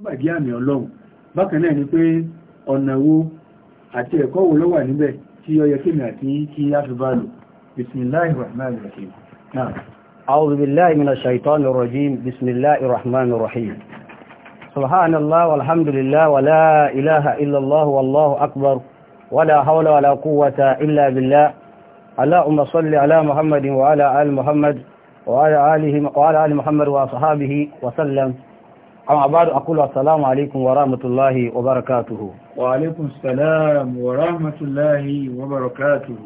gbàgbé àmì ọlọ́run bákan náà ni pé ọ̀nà wo àti ẹ̀kọ́ wo ló wà níbẹ̀ tí ó yẹ kémi àti kí á fi bá lò bismillahi rahman rahim náà أعوذ بالله من الشيطان الرجيم بسم الله الرحمن الرحيم سبحان الله والحمد لله ولا إله إلا الله والله أكبر ولا حول ولا قوة إلا بالله اللهم صل على محمد وعلى آل محمد وعلى آل محمد وعلى آل محمد وصحابه وسلم أما بعد أقول السلام عليكم ورحمة الله وبركاته وعليكم السلام ورحمة الله وبركاته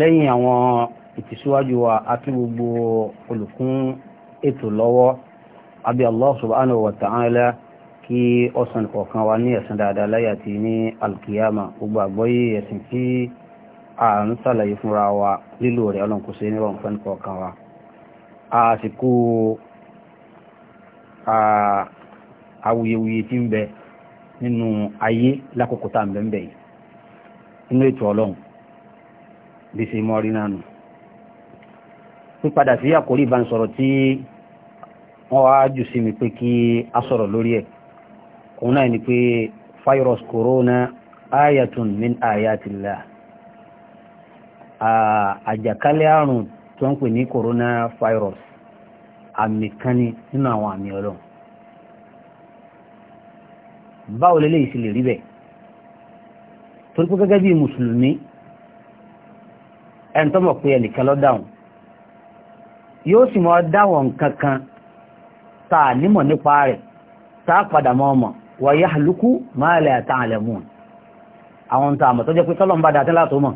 lẹ́yìn àwọn ìtìsíwájú wa àti gbogbo olùkún ètò lọ́wọ́ àbí Allah subhanahu wa ta'ala kí ọ̀sán kọ̀ọ̀kan wa ní ẹ̀sán dáadáa láyé àti ní alkiyama gbogbo àgbọ́yé ẹ̀sìn tí a ń sàlàyé fúnra wa lílò rẹ̀ ọlọ́nkùsẹ́ ní ọ̀nfẹ́ kọ̀ọ̀kan wa àsìkò awuyewuye tí ń bẹ nínú ayé lákòókò tá à ń bẹ ń bẹ yìí nínú ètò ọlọ́run bí ṣe mọ́ rí nánu pípadà sí àkórí ìbánisọ̀rọ̀ tí wọ́n wá jù sí mi pé kí a sọ̀rọ̀ lórí ẹ̀ òun náà ni pé virus corona ayatun min ayatillah àjàkálẹ̀ àrùn tó ń pè ní coronavirus àmì kan ni nínú àwọn àmì ọlọ́run báwo lélẹ́yìí sì lè rí bẹ́ẹ̀ torí pé gẹ́gẹ́ bí mùsùlùmí ẹni tó mọ̀ pé ẹnìkan ló dáhùn yóò sì mọ̀ dáhùn kankan tá a nímọ̀ nípa rẹ̀ tá a padà mọ́ ọmọ wa yahluku ma la ta'lamun àwọn tá a mọ̀ tó jẹ́ pé tọ́lọ́mbà dàtẹ́lá tó mọ̀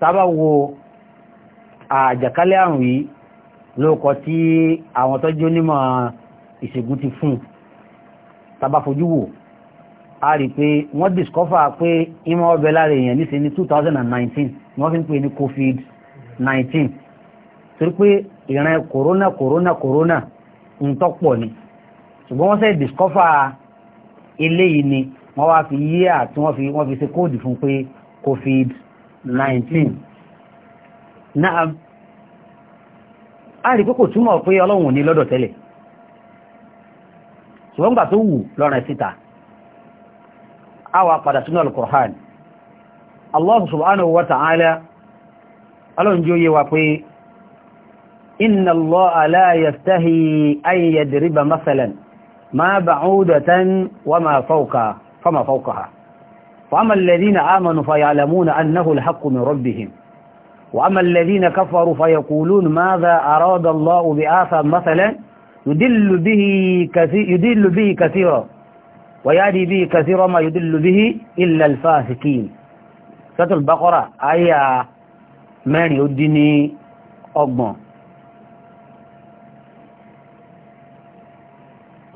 sábà wo àjàkálẹ̀ àrùn yìí lóòkọ tí àwọn tọ́jú onímọ̀ ìṣègùn ti fún tabafojú wò a rí pé wọ́n discover pé ìmọ̀ ọbẹ̀ lára èèyàn ní ní 2019 ni wọ́n fi ń pè ní covid-19 torí pé ìran corona corona corona ń tọ́pọ̀ ni ṣùgbọ́n wọ́n sẹ́ discover eléyìí ni wọ́n wá fi yí àti wọ́n wọ́n fi ṣe kóòdù fún pé covid-19. Mm -hmm náà a rí pé kò túmọ̀ pé ọlọ́run ní lọ́dọ̀ tẹ́lẹ̀ ṣùgbọ́n gbà tó wù lọ́rin síta a wà padà sínú al-Qur'an Allah subhanahu wa ta'ala ọlọ́run jí ó yé wa pé inna Allaha la yastahi an yadriba masalan ma ba'udatan wa ma fawqaha fama fawqaha fa alladhina amanu fa annahu al min rabbihim وأما الذين كفروا فيقولون ماذا أراد الله بآثم مثلا يدل به كثير يدل به كثيرا ويهدي به كثيرا ما يدل به إلا الفاسقين سورة البقرة آية من يدني أغمى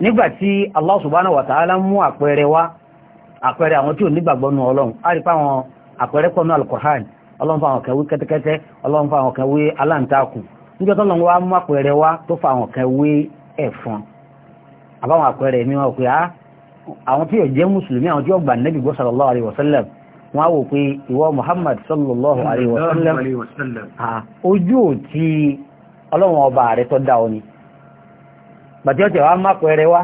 nígbàtí Allah subhanahu wa ta'ala mú àpẹẹrẹ wá àpẹẹrẹ àwọn tí ò nígbàgbọ́nù ọlọ́run a rí pa ọlọ́run fa àwọn kan wé kẹ́tẹ́kẹ́tẹ́ ọlọ́run fa àwọn kan wé aláǹtakùn níjọ́ tó lọ́wọ́ mú àpẹẹrẹ wa tó fa àwọn kan ẹ̀fọn àbáwọn àpẹẹrẹ mi wọn pé ah, àwọn tí yóò jẹ́ mùsùlùmí àwọn tí yóò gbà nẹ́bí gbọ́ sallallahu alaihi wasallam wọ́n wò pé ìwọ Muhammad sallallahu alaihi wasallam ojú ò ti ọlọ́run ọba rẹ̀ tó dá ọ ni bàtí ọ̀tẹ̀ wa má pẹ̀rẹ̀ wá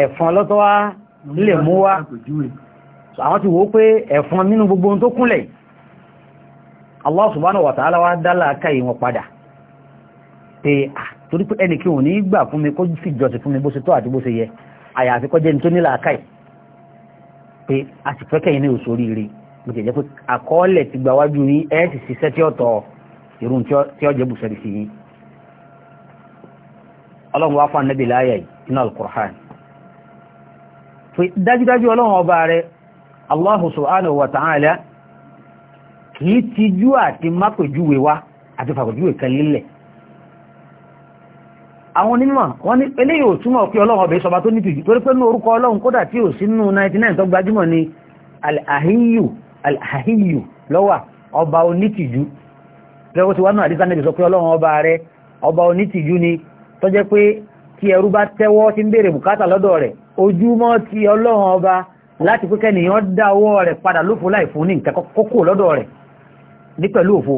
ẹ̀fọn àwọn ti wò pé ẹ̀fọn nínú gbogbo ohun tó kúnlẹ̀ Allah subhanahu wa ta'ala wá dálà káyì wọn padà pé à torí pé ẹnì kí wọn ní gbà fún mi kó sì jọsìn fún mi bó ṣe tọ́ àti bó ṣe yẹ àyàfi kọjá ní tó nílà káyì pé a sì fẹ́ kẹ́yìn ní òṣòrí rí bó ṣe jẹ́ pé àkọọ́lẹ̀ ti gba wájú yín ẹ̀ sì ṣiṣẹ́ tí ó tọ́ irun tí ó jẹ́ bùsẹ̀rì sí yín ọlọ́run wá fún anábì láyà yìí nínú alukur'an dájúdájú ọlọ́run ọba rẹ̀ Allah subhanahu wa ta'ala kìí tijú àti mápèjúwe wá àti fàpèjúwe kan lílẹ̀ àwọn onímọ̀ wọ́n ní eléyìí ò túmọ̀ pé ọlọ́run ọbẹ̀ ìṣọba tó ní tìjú torí pé ní orúkọ ọlọ́run kódà tí ò sínú 99 tó gbajúmọ̀ ni al-ahiyyu al-ahiyyu lọ́wà ọba onítìjú lẹ́wọ́ tí wọ́n náà àdísá níbi sọ pé ọlọ́run ọba rẹ ọba onítìjú ni tó jẹ́ pé tí ẹrú bá tẹ́wọ́ tí ń béèrè bùkátà lọ́dọ̀ rẹ̀ ojúmọ́ ti ọlọ́run ọba láti pé kẹ́nìyàn ní pẹ̀lú òfo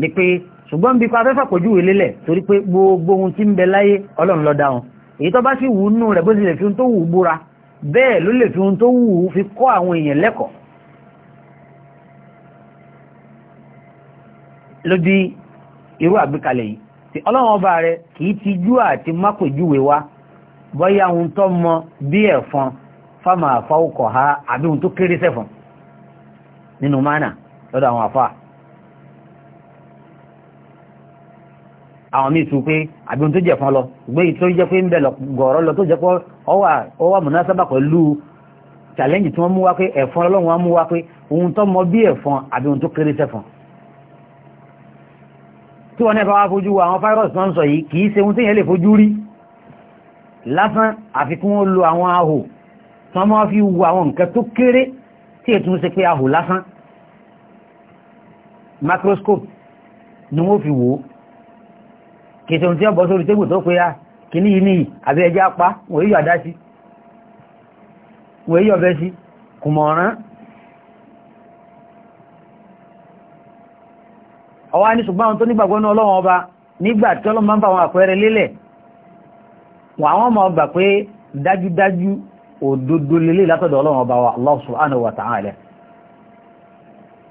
ni pé ṣùgbọ́n bí pa afẹ́fà pọ̀jú ìwé lélẹ̀ torí pé gbogbo ohun tí ń bẹ láyé ọlọ́run ló dá wọn èyí tó bá sì wù nù rẹ̀ bó ti lè fi ohun tó wù búra bẹ́ẹ̀ ló lè fi ohun tó wù fi kọ́ àwọn èèyàn lẹ́kọ̀ọ́ ló irú àgbékalẹ̀ yìí tí ọlọ́run ọba rẹ̀ kìí ti jú àti mápèjúwe wá bọ́yá ohun tó mọ bí ẹ̀fọn fáwọn àfáwọ́kọ̀ ha àbí ohun tó kéré sẹ́fọn nínú mánà lọ́dọ̀ àwọn àfà àwọn míì tún pé àbí ohun tó jẹ́ fún lọ gbé tó jẹ́ pé ń bẹ̀ lọ gọ̀ọ̀rọ̀ lọ tó jẹ́ pé ó wà múnásábà pẹ̀lú challenge tí wọ́n mú wá pé ẹ̀fọn ọlọ́run wá mú wá pé ohun tó mọ bí ẹ̀fọn àbí ohun tó kéré sẹ́fọn tí wọ́n nẹ́bàá fojú àwọn fáírọ̀sì tó ń sọ yìí kìí ṣe ohun tí yẹn lè fojú rí lásán àfikún lo àwọn ahò tí wọ́n máa fi wo àwọn nǹkan tó kéré tí ètò ń pé ahò lásán microscope ni wọ́n fi wò ó kìtì ohun tí wọ́n bọ́ sórí tébù tó pé á kìíní yìí nìyí àbí ẹjẹ́ apá wọ́n yíyọ̀ àdá sí wọ́n yíyọ̀ bẹ́ sí kùmọ̀ràn ọwá ní ṣùgbọ́n àwọn tó nígbàgbọ́ ní ọlọ́wọ́n ọba nígbà tí ọlọ́wọ́n máa ń bá àwọn àpẹẹrẹ lélẹ̀ wọ́n àwọn ọmọ pé dájúdájú òdodo lélẹ̀ látọ̀dọ̀ ọlọ́wọ́n ọba wa Allah subhanahu wa ta'ala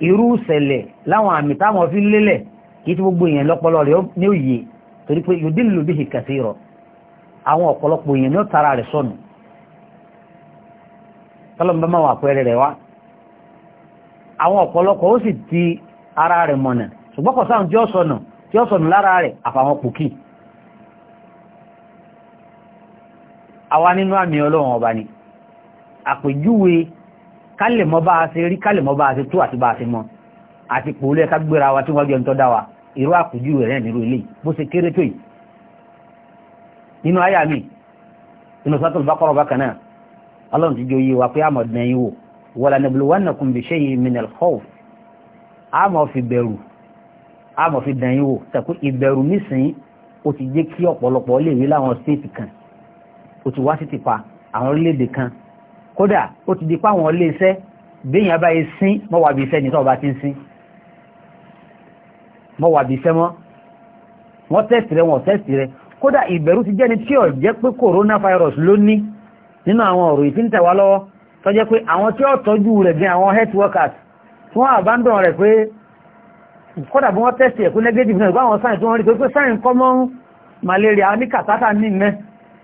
irú ìṣẹ̀lẹ̀ láwọn àmì táwọn fi lélẹ̀ kí tí gbogbo èèyàn lọ́pọlọ rẹ̀ ní òye torí pé yóò dínlù bí i kẹsí rọ àwọn ọ̀pọ̀lọpọ̀ èèyàn ní ó tara rẹ̀ sọnù tọ́lọ́mbà máa wà pẹ́rẹ rẹ̀ wá àwọn ọ̀pọ̀lọpọ̀ ó sì ti ara rẹ̀ mọ̀nà ṣùgbọ́n kọ̀sáhùn tí ó sọnù tí ó sọnù lára rẹ̀ àfàwọn pòkì àwa nínú àmì ọlọ́run ọba ni àpèjúwe kálẹ̀ mọ́ bá a ṣe rí kálẹ̀ mọ́ bá a ṣe tó àti bá a ṣe mọ́ àti pòólù ẹ̀ká gbéra wa tí wọ́n jẹun tó dá wa irú àpòjú rẹ̀ nírú ilé bó ṣe kéré tó yìí nínú àyà mi inú sọ́tò bá kọ́rọ̀ bákan náà ọlọ́run ti jẹ́ oyé wa pé àmọ̀ dẹ́yìn wò wala nabluwannakum bi shay'in min al-khawf àmọ̀ fi bẹ̀rù àmọ̀ fi dẹ̀yìn wò tẹ̀kú ìbẹ̀rù nísìn ó ti jẹ́ kí ọ̀pọ̀lọpọ̀ léèwé láwọn stéètì kan ó ti wá sí ti pa àwọn orílẹ̀-èdè kan kódà ó ti di páwọn ilé iṣẹ́ béèyàn bá yẹ sín mọ́ wà bí iṣẹ́ ní tọ́ọ̀bá ti ń sín mọ́ wà bí iṣẹ́ mọ́ wọ́n tẹ́sì rẹ̀ wọ́n tẹ́sì rẹ̀ kódà ìbẹ̀rù ti jẹ́ni tí ó jẹ́ pé coronavirus ló ní nínú àwọn ọ̀rọ̀ ìfíntẹ̀ wa lọ́wọ́ tó jẹ́ pé àwọn tí ó tọ́jú rẹ̀ bí àwọn health workers tí wọ́n abandon rẹ̀ pé kódà bí wọ́n tẹ́sì ẹ̀kú negative náà gbọ́ àwọn sáyẹn tí wọ́n rí pé sáyẹn common malaria ní kàtàkà ní mẹ́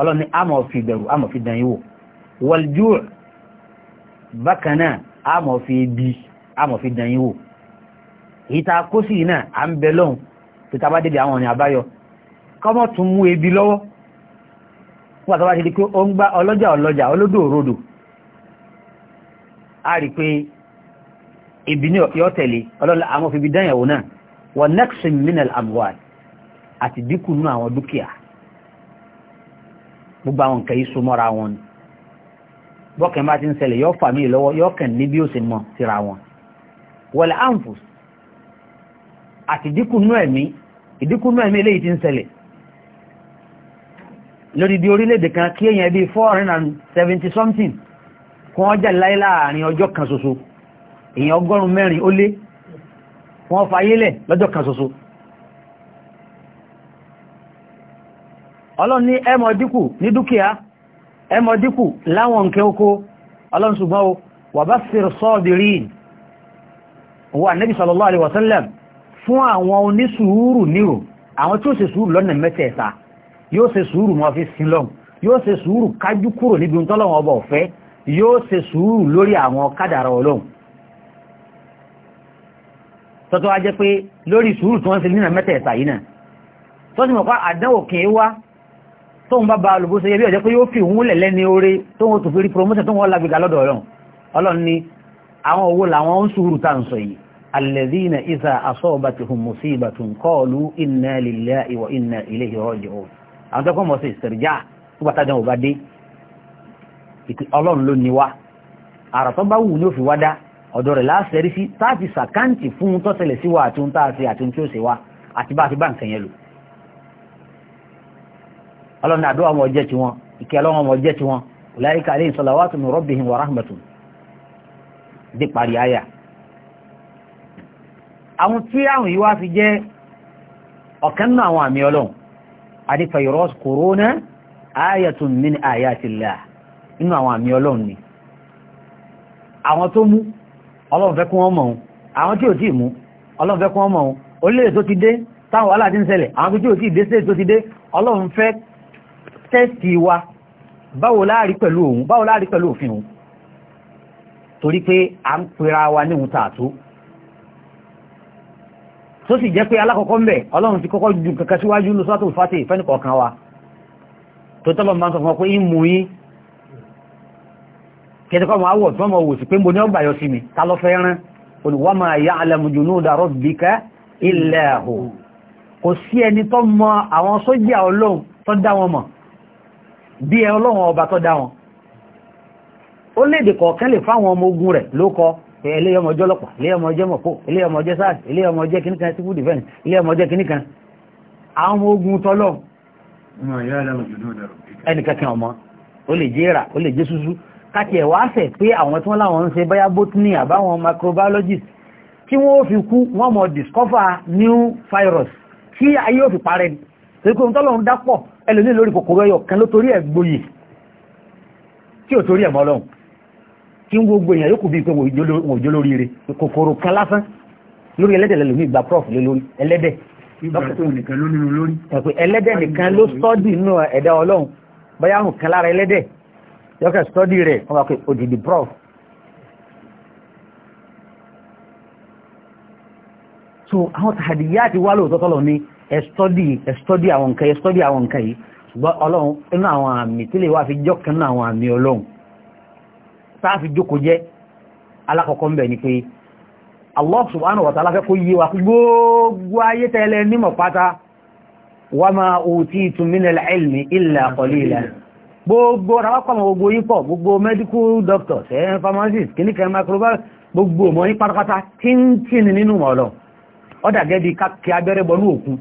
ọlọ́run ni a mọ̀ fi bẹ̀rù a mọ̀ fi dàn yíwò wọ̀ljú bákan náà a mọ̀ fi bí a mọ̀ fi dàn yíwò ìta kó sí iná à ń bẹ lọ́hùn tó ta bá dédé àwọn ọ̀nà àbáyọ kọ́mọ̀ tún mú ebi lọ́wọ́ nígbà tó bá ti di pé ó ń gbá ọlọ́jà ọlọ́jà olódò òrodò a rí pé ebi ní yọ tẹ̀lé ọlọ́run àwọn fi bí dán yẹ̀wò náà wọ́n nẹ́kṣin minel amwal àti dínkù nínú àwọn dúkìá gbogbo àwọn nǹkan yìí súnmọ́ra wọn ni bọ́kàn bá ti ń ṣẹlẹ̀ yọ fà mí lọ́wọ́ yọ kàn ní bí ó sì mọ̀ síra wọn wọlé anfus àti ìdínkùnú ẹ̀mí ìdínkùnú ẹ̀mí eléyìí ti ń ṣẹlẹ̀ lórí di orílẹ̀-èdè kan kí èèyàn bíi four hundred and seventy something kí wọ́n jà láyé láàrin ọjọ́ kan ṣoṣo èèyàn ọgọ́rùn-ún mẹ́rin ó lé wọ́n fayé lẹ̀ lọ́jọ́ kan ṣoṣo ọlọ́run ní ẹmọ díkù ní dúkìá ẹmọ díkù láwọn nǹkẹ́ oko ọlọ́run ṣùgbọ́n o wà bá sírò sọ́ọ̀dìrí wà nẹ́bí sallallahu alaihi wasallam fún àwọn onísùúrù nírò àwọn tí ó ṣe sùúrù lọ́nà mẹ́tẹ̀ẹ̀ta yóò ṣe sùúrù mọ́ fi sílọ́n yóò ṣe sùúrù kájú kúrò níbi tọ́lọ́wọ́ ọba ọ̀fẹ́ yóò ṣe sùúrù lórí àwọn kádàrà ọlọ́run tọ́tọ́ tóun bá ba olùbóso yẹ bí ọjọ́ pé yóò fi òun lẹ̀ lẹ́ni oore tóun tó fi rí promotion tóun lágbègbè lọ́dọ̀ ọlọ́run ọlọ́run ni àwọn owó làwọn ń sùúrù tá à ń sọ yìí alladhina idha asabatihum musibatun qalu inna lillahi wa inna ilayhi raji'un àwọn tọ́kọ́ mọ̀ sí ìsẹ̀rìjà tó bàtà dán òbá dé ọlọ́run ló ní wá àrà tó bá wù ní òfin wá dá ọ̀dọ̀ rẹ̀ láṣẹ́rí sí táàfì sàkáǹtì fún tó sí wa àti ohun tá àti ohun tí ó ṣe wa àti bá a ti bá nǹkan yẹn lò ọlọ́run àdúrà wọn jẹ́ tiwọn ìkẹ́ ọlọ́run wọn jẹ́ tiwọn ulaika alayhim salawatu min rabbihim wa rahmatun dé parí àyà àwọn tí àwọn yìí wá fi jẹ́ ọ̀kan náà àwọn àmì ọlọ́run adifayros corona ayatun min ayatillah inú àwọn àmì ọlọ́run ni àwọn tó mú ọlọ́run fẹ́ kún wọn mọ̀ ọ́n àwọn tí ò tí mú ọlọ́run fẹ́ kún wọn mọ̀ ọ́n orílẹ̀-èdè tó ti dé táwọn wàhálà ti ń ṣẹlẹ̀ àwọn tó tí ò tí dé sí tó ti dé ọlọ́run fẹ́ tẹ́sì wa báwo láàrí pẹ̀lú òun báwo láàrí pẹ̀lú òfin òun torí pé a ń pera wa ní òun tààtó tó sì jẹ́ pé alákọ̀ọ́kọ́ ń bẹ̀ ọlọ́run ti kọ́kọ́ ju kankan síwájú ní sọ́tò fàtẹ̀ fẹ́nìkọ̀ọ̀kan wa tó tọ́lọ̀ máa ń sọ fún ọ pé ìmú yín kẹtẹ́kọ́ máa wọ̀ tí wò sí pé mo ní ọgbà yọ sí mi ta lọ fẹ́ rán olùwà máa yá alẹ́mùjù ní òdà rọ́bìkà ilẹ̀ ẹ̀hò kò sí ẹni tó mọ àwọn sójà ọlọ́run tó dá wọn mọ̀ bí ẹ ọlọ́run ọba tó dá wọn ó léde kọ̀ọ̀kan lè fáwọn ọmọ ogun rẹ̀ ló kọ eléyọmọjọ́ ọlọ́pàá eléyọmọjọ́ mọ̀kó eléyọmọjọ́ sars eléyọmọjọ́ kìnnìkan civil defence eléyọmọjọ́ kìnnìkan àwọn ọmọ ogun tọ́lọ̀ ẹnìkankan ọmọ ó lè jẹ́ra ó lè jẹ́ súsú káti ẹ̀wà àfẹ́ pé àwọn tí wọ́n láwọn microbiologist tí wọ́n fi kú wọ́n mọ̀ discover new virus tí ayé ò fi parẹ́ ní torí pé òun tọ́lọ̀ ń dápọ̀ ẹlòmí lórí kòkòrò ẹyọ kan ló torí ẹ̀ gboyè tí ò torí ẹ̀ mọ́ lọ́hùn tí ń gbogbo èèyàn yókù bíi pé wò jó lórí rẹ̀ kòkòrò kan lásán lórí ẹlẹ́dẹ̀ lẹ́lòmí gba prof lé lórí ẹlẹ́dẹ̀ ẹlẹ́dẹ̀ nìkan ló sọ́dì nínú ẹ̀dá ọlọ́run bóyá hùn kan lára ẹlẹ́dẹ̀ yọkẹ̀ sọ́dì rẹ̀ wọ́n wá pé òdìdì prof so àwọn tàdíyá ti wá lóòótọ́ tọ́lọ ní ẹ̀stọ́dì ẹ̀stọ́dì àwọn nǹkan ẹ̀stọ́dì àwọn nǹkan yìí ṣùgbọ́n ọlọ́run inú àwọn àmì tí lè wá fi jọ́kẹ́ nínú àwọn àmì ọlọ́run táà fi jókòó jẹ́ alákọ̀ọ́kọ́ ń bẹ̀ ni pé Allah subhanahu wa ta'ala fẹ́ kó yé wa gbogbo ayé tẹ́lẹ̀ nímọ̀ pátá wa ma utitum min al-ilmi illa qalila gbogbo ra wákọ̀ mọ̀ gbogbo yín pọ̀ gbogbo medical doctors ẹ̀ pharmacist clinical microbial gbogbo mọ̀ yín pátápátá tí nínú mọ̀ ọ̀dà gẹ́gẹ́ bí káàkiri abẹ́rẹ́ bọ́nú òkun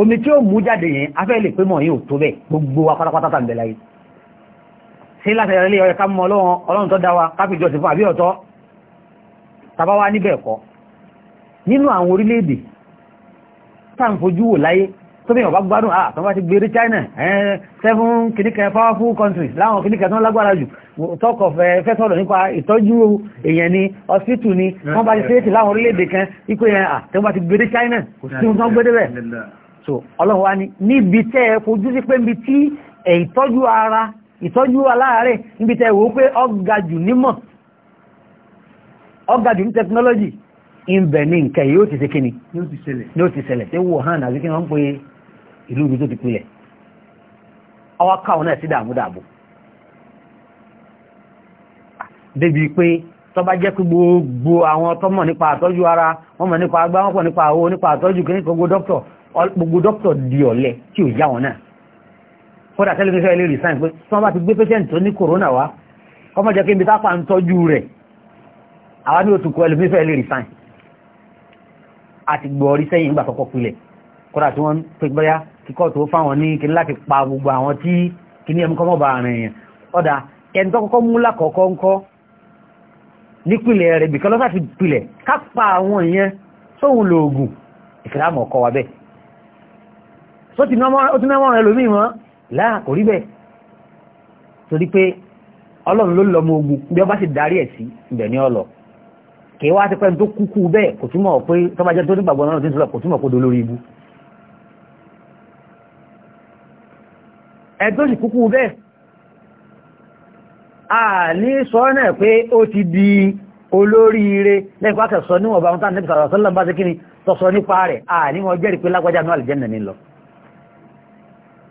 omi tí ó mú jáde yẹn afẹ́ lè pé mọ̀ yíò tó bẹ́ gbogbo wa pátápátá tàn bẹ̀lá yìí sí láti ẹ̀rẹ́ lè ọ̀yẹ̀ ká mọ ọlọ́run tó dá wa káfíjọ sí fún àbí ọ̀tọ̀ tàbá wá níbẹ̀ ẹ̀kọ́ nínú àwọn orílẹ̀-èdè tàn fojú ah, bá ti gbèrè China seven kìnnìkan powerful countries láwọn kìnnìkan tó lágbára jù talk of fẹ́ sọ̀rọ̀ ni hospital ni wọ́n bá ti ṣe é sí láwọn orílẹ̀-èdè kan ikú yẹn à China tí wọ́n gbé débẹ̀ so ọlọ́run wá ní níbi tẹ́ ẹ fojú sí pé níbi tí ẹ̀ ìtọ́jú ara ìtọ́jú níbi tẹ́ pé ọ̀gá nímọ̀ ní technology ìbẹ̀ ní nǹkan yóò ti ṣe ní ni ti sẹlẹ̀ tí wò hàn àbí kí ìlú ibi tó ti pilẹ̀ gbogbo àwọn ara wọ́n mọ̀ nípa gbogbo dókítà di ọ̀lẹ tí ò yá wọn náà kódà tẹ́lẹ̀ fífẹ́ ilé resign pé tí wọ́n bá ti gbé patient tó ní corona wá kọ́mọ jẹ́ kí ibi tápà ń tọ́jú rẹ̀ àwa ní òtùkọ́ ẹlòmí fẹ́ ilé resign àti gbọ́ọ̀rí sẹ́yìn ìgbà kọ́kọ́ pilẹ̀ kódà tí wọ́n pè bóyá kíkọ́ tó fáwọn ní kí láti pa gbogbo àwọn tí kí ní ẹmukọ́ mọ́ba àrùn èèyàn ọ̀dà ẹni tó kọ́kọ́ mú lákọ̀ọ́kọ́ ń kọ́ nípìnlẹ̀ rẹ̀ bìkan lọ́sàtì pilẹ̀ ká pa àwọn èèyàn tó ti mẹ́wọ́n rẹ̀ lómi wọn láà kò rí bẹ́ẹ̀ torí pé ọlọ́run ló lọ́mọ ogun bí ọba sì darí ẹ̀ sí ibẹ̀ ní ọlọ kì í wá ti pẹ́ tó kúkú bẹ́ẹ̀ kò túmọ̀ pé tọ́bajẹ́ tó nígbàgbọ́ náà ti ń sọ kò túmọ̀ kó dolórí ibu ẹ̀tọ́ sì kúkú bẹ́ẹ̀ a ní sọ náà pé ó ti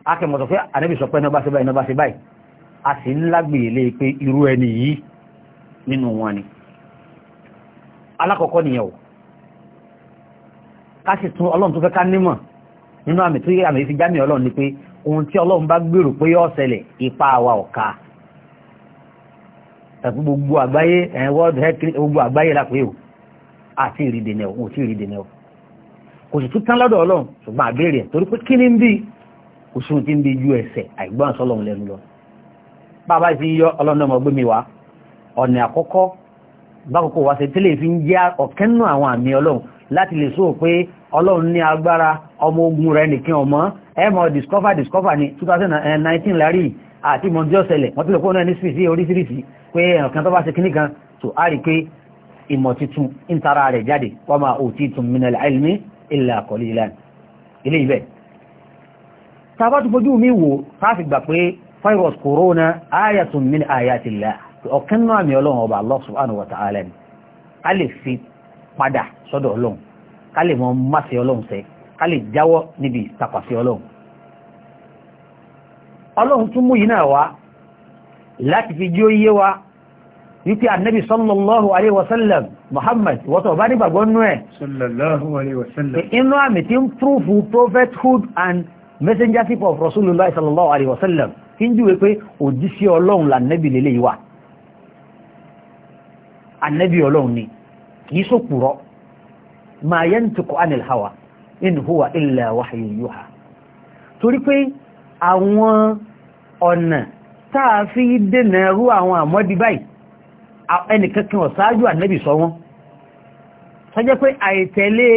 akẹ́mọ̀tọ̀ pé ànábì sọ pé iná ṣe báyìí iná ṣe báyìí a sì ń lágbèlé pé irú ẹni yìí nínú wọn ni alákọ̀ọ́kọ́ nìyẹn o ká sì tún ọlọ́run tó fẹ́ ká nímọ̀ nínú àmì tí àmì fi jámì ọlọ́run ni pé ohun tí ọlọ́run bá gbèrò pé yóò ṣẹlẹ̀ ipa wa ọ̀ka ẹ̀kú gbogbo àgbáyé ẹ̀ world health gbogbo àgbáyé lápẹ́ o àti o ò tí ìrìdènà ò kò sì tún tán lọ́dọ̀ ọlọ́run ṣùgbọ́n àbẹ̀rẹ̀ torí pé kí ni ń bíi kò sóhun tí ń bí ju ẹsẹ̀ àìgbọ́n sọ́lọ́run lẹ́nu lọ bàbá ti yọ ọlọ́run náà mọ̀ gbé mi wá ọ̀nà àkọ́kọ́ bákòókò wá sí tẹ́lẹ̀ fi ń jẹ́ ọ̀kẹ́nù àwọn àmì ọlọ́run láti lè sọ pé ọlọ́run ní agbára ọmọ ogun rẹ̀ nìkan ọmọ ẹmọ discover discover ní 2019 lárí àti mọ̀jọ́ ṣẹlẹ̀ wọ́n tí lè kó náà ní sísí oríṣiríṣi pé ẹ̀kan tó bá ṣe kíní kan tó á rí pé ìmọ̀ tuntun ń tara rẹ̀ jáde wa ma utitum minal ilmi illa tàbá tó fojú mi wò káàfi gbà pé virus corona ayatun min ayatillah ọ̀kan náà mi ọlọ́run ọba Allah subhanahu wa ta'ala ni ká lè fi padà sọ́dọ̀ ọlọ́run ká lè mọ máṣe ọlọ́run sẹ ká lè jáwọ́ níbi ìtàpàṣẹ ọlọ́run ọlọ́run tún mú yìí náà wá láti fi jí ó yé wa wípé annabi sallallahu alaihi wasallam muhammad wọ́tọ̀ bá nígbàgbọ́ nú ẹ̀ sallallahu alaihi wasallam inú àmì tí ń prúfù prophethood and messengership of rasulullah sallallahu alaihi wasallam kí ń júwe pé òjíṣẹ́ ọlọ́run là nẹ́bì lélẹ̀ yìí wà anẹ́bì ọlọ́run ni kìí sòpùrọ́ ma yantiqu anil hawa in huwa illa wahyun yuha torí pé àwọn ọ̀nà táà fi dènà rú àwọn àmọ́dí báyìí ẹnìkankan ọ̀sáájú ànẹ́bì sọ wọn sọ jẹ́ pé àìtẹ̀lé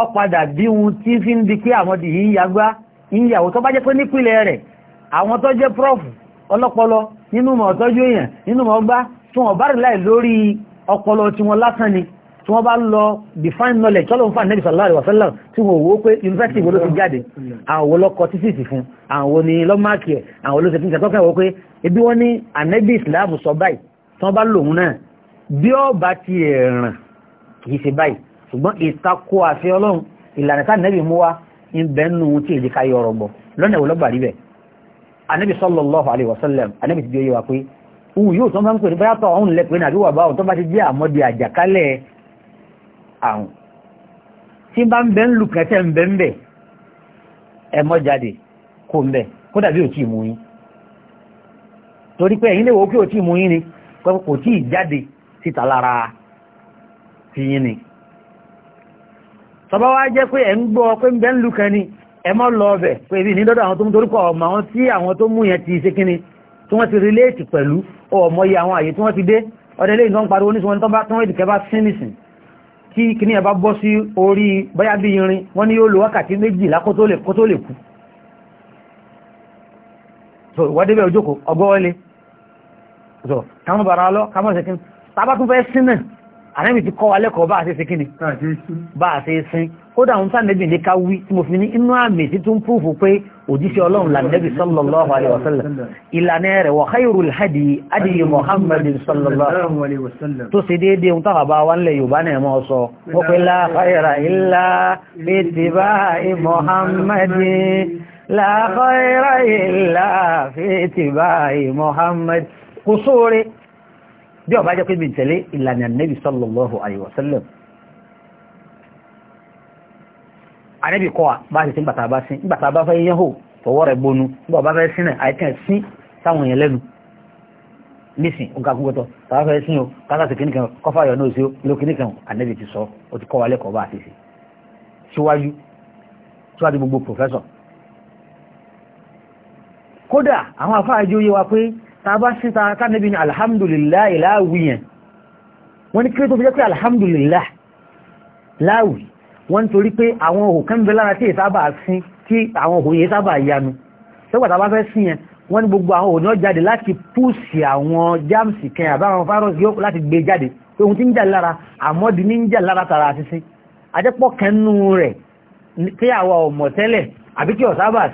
ọpadà bí wọn tí fi ń di pé àmọ́dí yìí yagbá ìyàwó tó bá jẹ́ pé nípìnlẹ̀ rẹ̀ àwọn tó jẹ́ prof ọlọ́pọlọ nínú mọ̀ ọ̀tọ́jú èèyàn nínú mọ̀ ọgbá tí wọ́n bá rí láì lórí ọpọlọ tí wọ́n lásán ni tí wọ́n bá lọ define knowledge tọ́lọ̀ ń fà nẹ́bí sallallahu alaihi tí wọ́n wó pé university wo ló ti jáde àwọn olókọ títí sí fún àwọn ní lọ́máàkì ẹ̀ àwọn olóṣèlú tí wọ́n kẹ́wọ́ pé ebi wọ́n ní anẹ́bí islam sọ báyìí tí wọ́n bá lòun náà bí ìbẹ̀nù tí èdè ká yọrọ gbọ́ lọ́nà ìwò lọ́gbà ríbẹ̀ anábì sallallahu alaihi wasallam anábì ti di oyé wa pé òun yóò tó ń bá ń pè ní báyàtọ̀ àwọn òun lẹ́pẹ́ nàbí wà bá òun tó bá ti jẹ́ àmọ́dé àjàkálẹ̀ àrùn tí bá ń bẹ ń lù kẹtẹ́ ń bẹ ń bẹ ẹ mọ́ jáde kó ń bẹ kó dàbí ò mú yín torí pé ẹ̀yin lè wo kí ò mú yín ni kò tí ì jáde síta lára ti yín ni tọba wá jẹ́ pé ẹ̀ ń gbọ́ pé ń bẹ́ ń lukẹ́ ni ẹ mọ́ lọ ọbẹ̀ pé ibi ní dọ́dọ̀ àwọn tó ń torúkọ ọmọ àwọn tí àwọn tó mú yẹn ti ṣe kíni tí wọ́n ti rìléètì pẹ̀lú ọmọ yìí àwọn àyè tí wọ́n ti dé ọdẹ lẹ́yìn tó ń pariwo nísìwọ́n tó tán ìdìkẹ́ bá sí nìsìn kí kíní ẹ bá bọ́ sí orí bóyá bí irin wọ́n ní yóò lo wákàtí méjìlá kó lè kú so ìwádìí bẹ́ẹ̀ ojókòó so kámọ́ bàrà lọ kámọ́ sẹ́kín tábà tún fẹ́ sínú àrẹ́mì ti kọ́ wa lẹ́kọ̀ọ́ bá a ṣe ṣe kíni bá a ṣe sin kódà ń sànẹ́bì ní ká wí tí mo fi ní inú àmì tí tún púfù pé òjíṣẹ́ ọlọ́run lànẹ́bì sallallahu alaihi wasallam ìlànà rẹ̀ wa khairul hadi adìyẹ Muhammad sallallahu alaihi wasallam tó ṣe déédéé ń tàbà bá wa ńlẹ̀ Yorùbá náà kò sóore bí ọba jẹ́ pé mi tẹ̀lé ìlànà nẹ́bí sallallahu alayhi wa sallam anẹ́bí kọ́ wa bá ti sí gbàtà bá sí gbàtà bá fẹ́ yẹ́hò fọwọ́ rẹ̀ bonu bí ọba fẹ́ sínú àìkàn sí sáwọn èèyàn lẹ́nu nísìn òǹkà kúgbọ́tọ̀ tàbá fẹ́ sí o kátà sí kìnnìkan kọfà yọ náà sí o ló kìnnìkan anẹ́bí ti sọ ó ti kọ́ wa lẹ́kọ̀ọ́ bá àti sí síwájú síwájú gbogbo pòfẹ́sọ̀ kódà àwọn afáàjú yé wa pé tàbá síta kánàbí ní alhamdulillah láàwíyàn wọ́n ní kí tó fi jẹ́ pé alhamdulillah láàwí wọ́n ń torí pé àwọn ohùn kan bẹ lára tí ìsábà sín tí àwọn ohùn yìí sábà yanu sọ́gbàtà bá fẹ́ sí yẹn wọ́n ní gbogbo àwọn òní jáde láti púùsì àwọn jáàmsì kẹ́ àbáwọn fáírọ́sì yóò láti gbé jáde pé ohun tí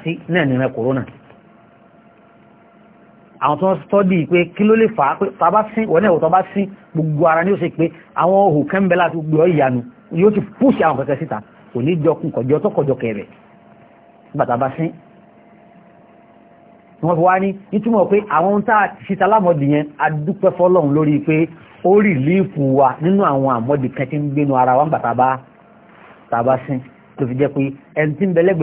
sí àwọn tó ń stọ́dì pé kí ló lè fà á pé tàbá sí wọ́n náà tọ́bá sí gbogbo ara ní ó sì pé àwọn ohùn kẹ́ńbẹ́ láti gbọ́ ìyanu yóò ti púùsì àwọn kẹ̀kẹ́ síta kò ní jọ kọjọ tó kọjọ kẹrẹ̀ bàtà bá sí wọ́n fi wá ní nítumọ̀ pé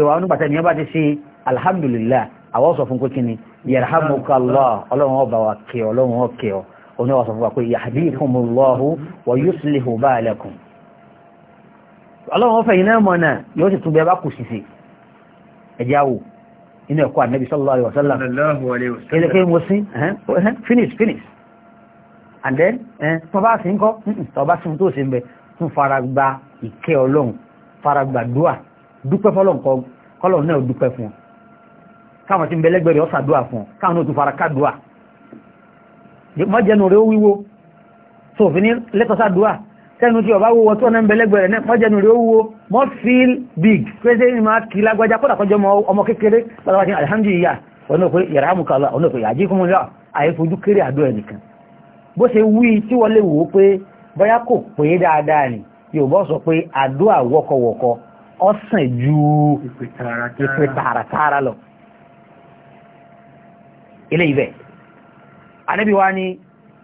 àwọn ohun tá alhamdulillah àwọn sọ fún kókíni yarhamukallah ọlọ́run ọba wa kí ọ ọlọ́run ọkẹ ọ oní ọ̀sán fún wa pé yahdikumullahu wa yuslihu balakum ọlọ́run ọfẹ́ iná mọ̀ náà yóò sì tún bẹ́ẹ̀ bá kù síse ẹ̀já wò inú ẹ̀kọ́ ànábi sallallahu alaihi wasallam kéde finish finish and then tó bá sí ń kọ́ tó bá sí tó sí ń bẹ fún faragba ìkẹ́ ọlọ́run káwọn tí ń bẹ̀lẹ́gbẹ̀rẹ̀ ọ́sàdúà fún káwọn tó fara kádùà mọ́jẹnu rẹ̀ ó wíwo tó fi ní lẹ́tọ̀sàdúà tẹ́nu tí ọba wúwo tó ọ̀nà bẹ̀lẹ́gbẹ̀rẹ̀ náà mọ́jẹnu rẹ̀ ó wúwo mọ́ feel big pèsè ní máa kí lágbájá kódà kọjọ ọmọ kékeré pàtàkì àti alhamdulillah ọ̀nà pé yàrá mú kàlọ́ ọ̀nà pé yàjí kún lọ àìfojú kéré àdó ẹ̀ nìkan bó ṣe wí tí wọ́n lè wò ó pé bóyá kò pé dáadáa ni Yorùbá sọ pé àdúà wọ́kọ̀wọ́kọ̀ ọ̀sán ju ìpè tààràtààrà lọ ilé ibẹ̀ anábì wá ní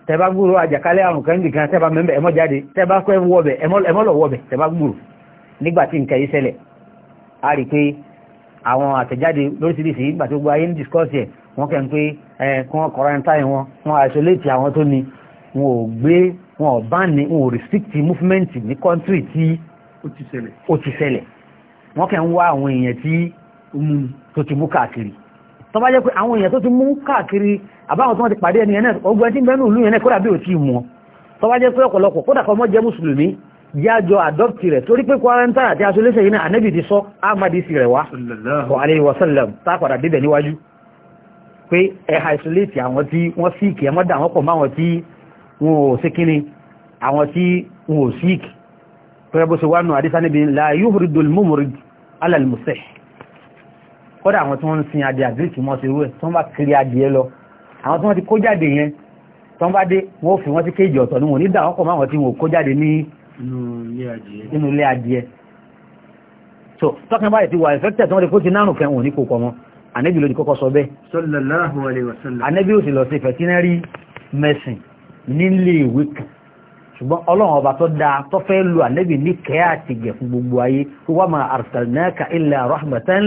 tẹbá gbúrò àjàkálẹ̀ àrùn kan nìkan tẹbá mẹ́mbẹ̀ ẹmọ́ jáde tẹbá kọ́ ẹwọ́bẹ̀ ẹmọ́lọ̀ wọ́bẹ̀ tẹbá gbúrò nígbàtí nǹkan yìí ṣẹlẹ̀ a rí pé àwọn àtẹ̀jáde lóríṣiríṣi nígbà tó gba ayé ní discourse ẹ̀ wọ́n kẹ́ ń pé ẹ kí wọ́n quarantine ni wọn ò gbé wọn ò bá ní wọn ò kẹ́ ń wá àwọn èèyàn tí tó ti mú káàkiri tó bá jẹ́ pé àwọn èèyàn tó ti mú káàkiri àbáwọn tó wọ́n ti pàdé ẹni ẹ̀nà ọgbọ́n tí mẹ́nu ìlú yẹn kódà bí ò tí mú tó bá jẹ́ pé ọ̀pọ̀lọpọ̀ kódà kọ́ mọ́ jẹ́ mùsùlùmí yájọ àdọ́pì rẹ̀ torí pé quarantine àti isolation yìí náà ànẹ́bì ti sọ ámàdìsí rẹ̀ wá sallallahu alaihi wasallam tápàdà débẹ̀ níwájú pé ẹ̀ha isolate àwọn tí wọ́n sick ẹ̀ wọ́n dà wọ́n pọ̀ mọ́ kọ́dà àwọn tí wọ́n ń sin adìẹ àgbèsì mọ́ sí irú ẹ̀ tí wọ́n bá kiri adìẹ lọ àwọn tí wọ́n ti kó jáde yẹn tí wọ́n bá dé wọ́n fi wọ́n sí kéèjì ọ̀tọ̀ ni wọ́n ní dàwọn kọ̀ máwọn tí wọ́n kó jáde ní inú ilé adìẹ so tọ́kàn báyìí ti wà ẹ̀fẹ́tẹ̀ tí wọ́n ti kó ti nárùn kẹ́ wọ́n ní kò mọ́ ànẹ́bí ló ti kọ́kọ́ sọ bẹ́ẹ̀ sallallahu ṣùgbọ́n ọlọ́run ọba tó dáa tó fẹ́ lu ànábì ní kẹ́ àti gẹ̀ fún gbogbo ayé wa ma arsalnaka illa rahmatan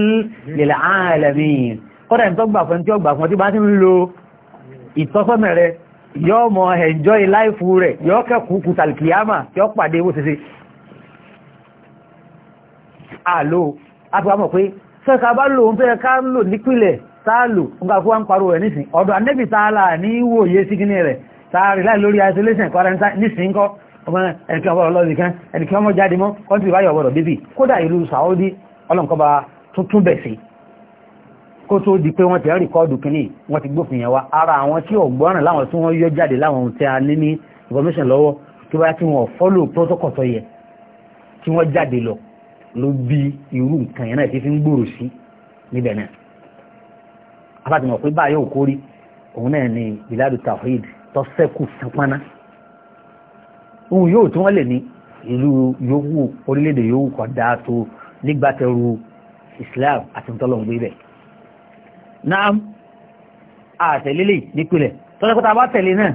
lil alamin kọ́dà ní tọ́gbà bá ti ń lo ìtọ́sọ́nà life rẹ̀ yóò kẹ́kù kùtàlìkìyàmà yóò pàdé bó ṣeṣe àlò àfihàmọ̀ pé sẹ́ka bá lò ń fẹ́ ká lò nípìnlẹ̀ sáà lò ń ga fún wa ń parọ́ rẹ̀ nísìn ọ̀dọ̀ ànábì sáà ní wòye sígínì tààrí láì lórí isolation quarantine nísìnyí kọ́ ọmọ ẹnìkan ọbọ̀rọ̀ lọ́dún kan ẹnìkan ọmọ jáde mọ́ kọ́ntì báyọ̀ ọbọ̀rọ̀ bíbí kódà ìlú Saudi ọlọ́nkọba tuntun bẹ̀ sí kó tó di pé wọ́n ti rẹ́kọ́ọ̀dù kínní wọ́n ti gbófin yẹn wá ara àwọn tí ọ̀gbọ́ràn láwọn tí wọ́n yọ jáde láwọn ohun tí a ní ní information lọ́wọ́ tó bá tí wọ́n follow protocol tó yẹ tí wọ́n jáde lọ ló bí irú nǹkan yẹn náà ti fi ń gbòòrò sí níbẹ̀ náà abájọmọ̀ pé báyọ̀ òkórí òun náà ni biladu tawhid tó sẹ́kù sápáná ohun yóò tí wọ́n lè ní ìlú yòówù orílẹ̀-èdè yòówù kan dáa tó nígbàtẹ̀rù Islam àti ntọ́lọ́ngbé bẹ̀ náà àtẹ̀lélẹ̀ nípìnlẹ̀ tọ́lẹ́kọ́ta bá tẹ̀lé náà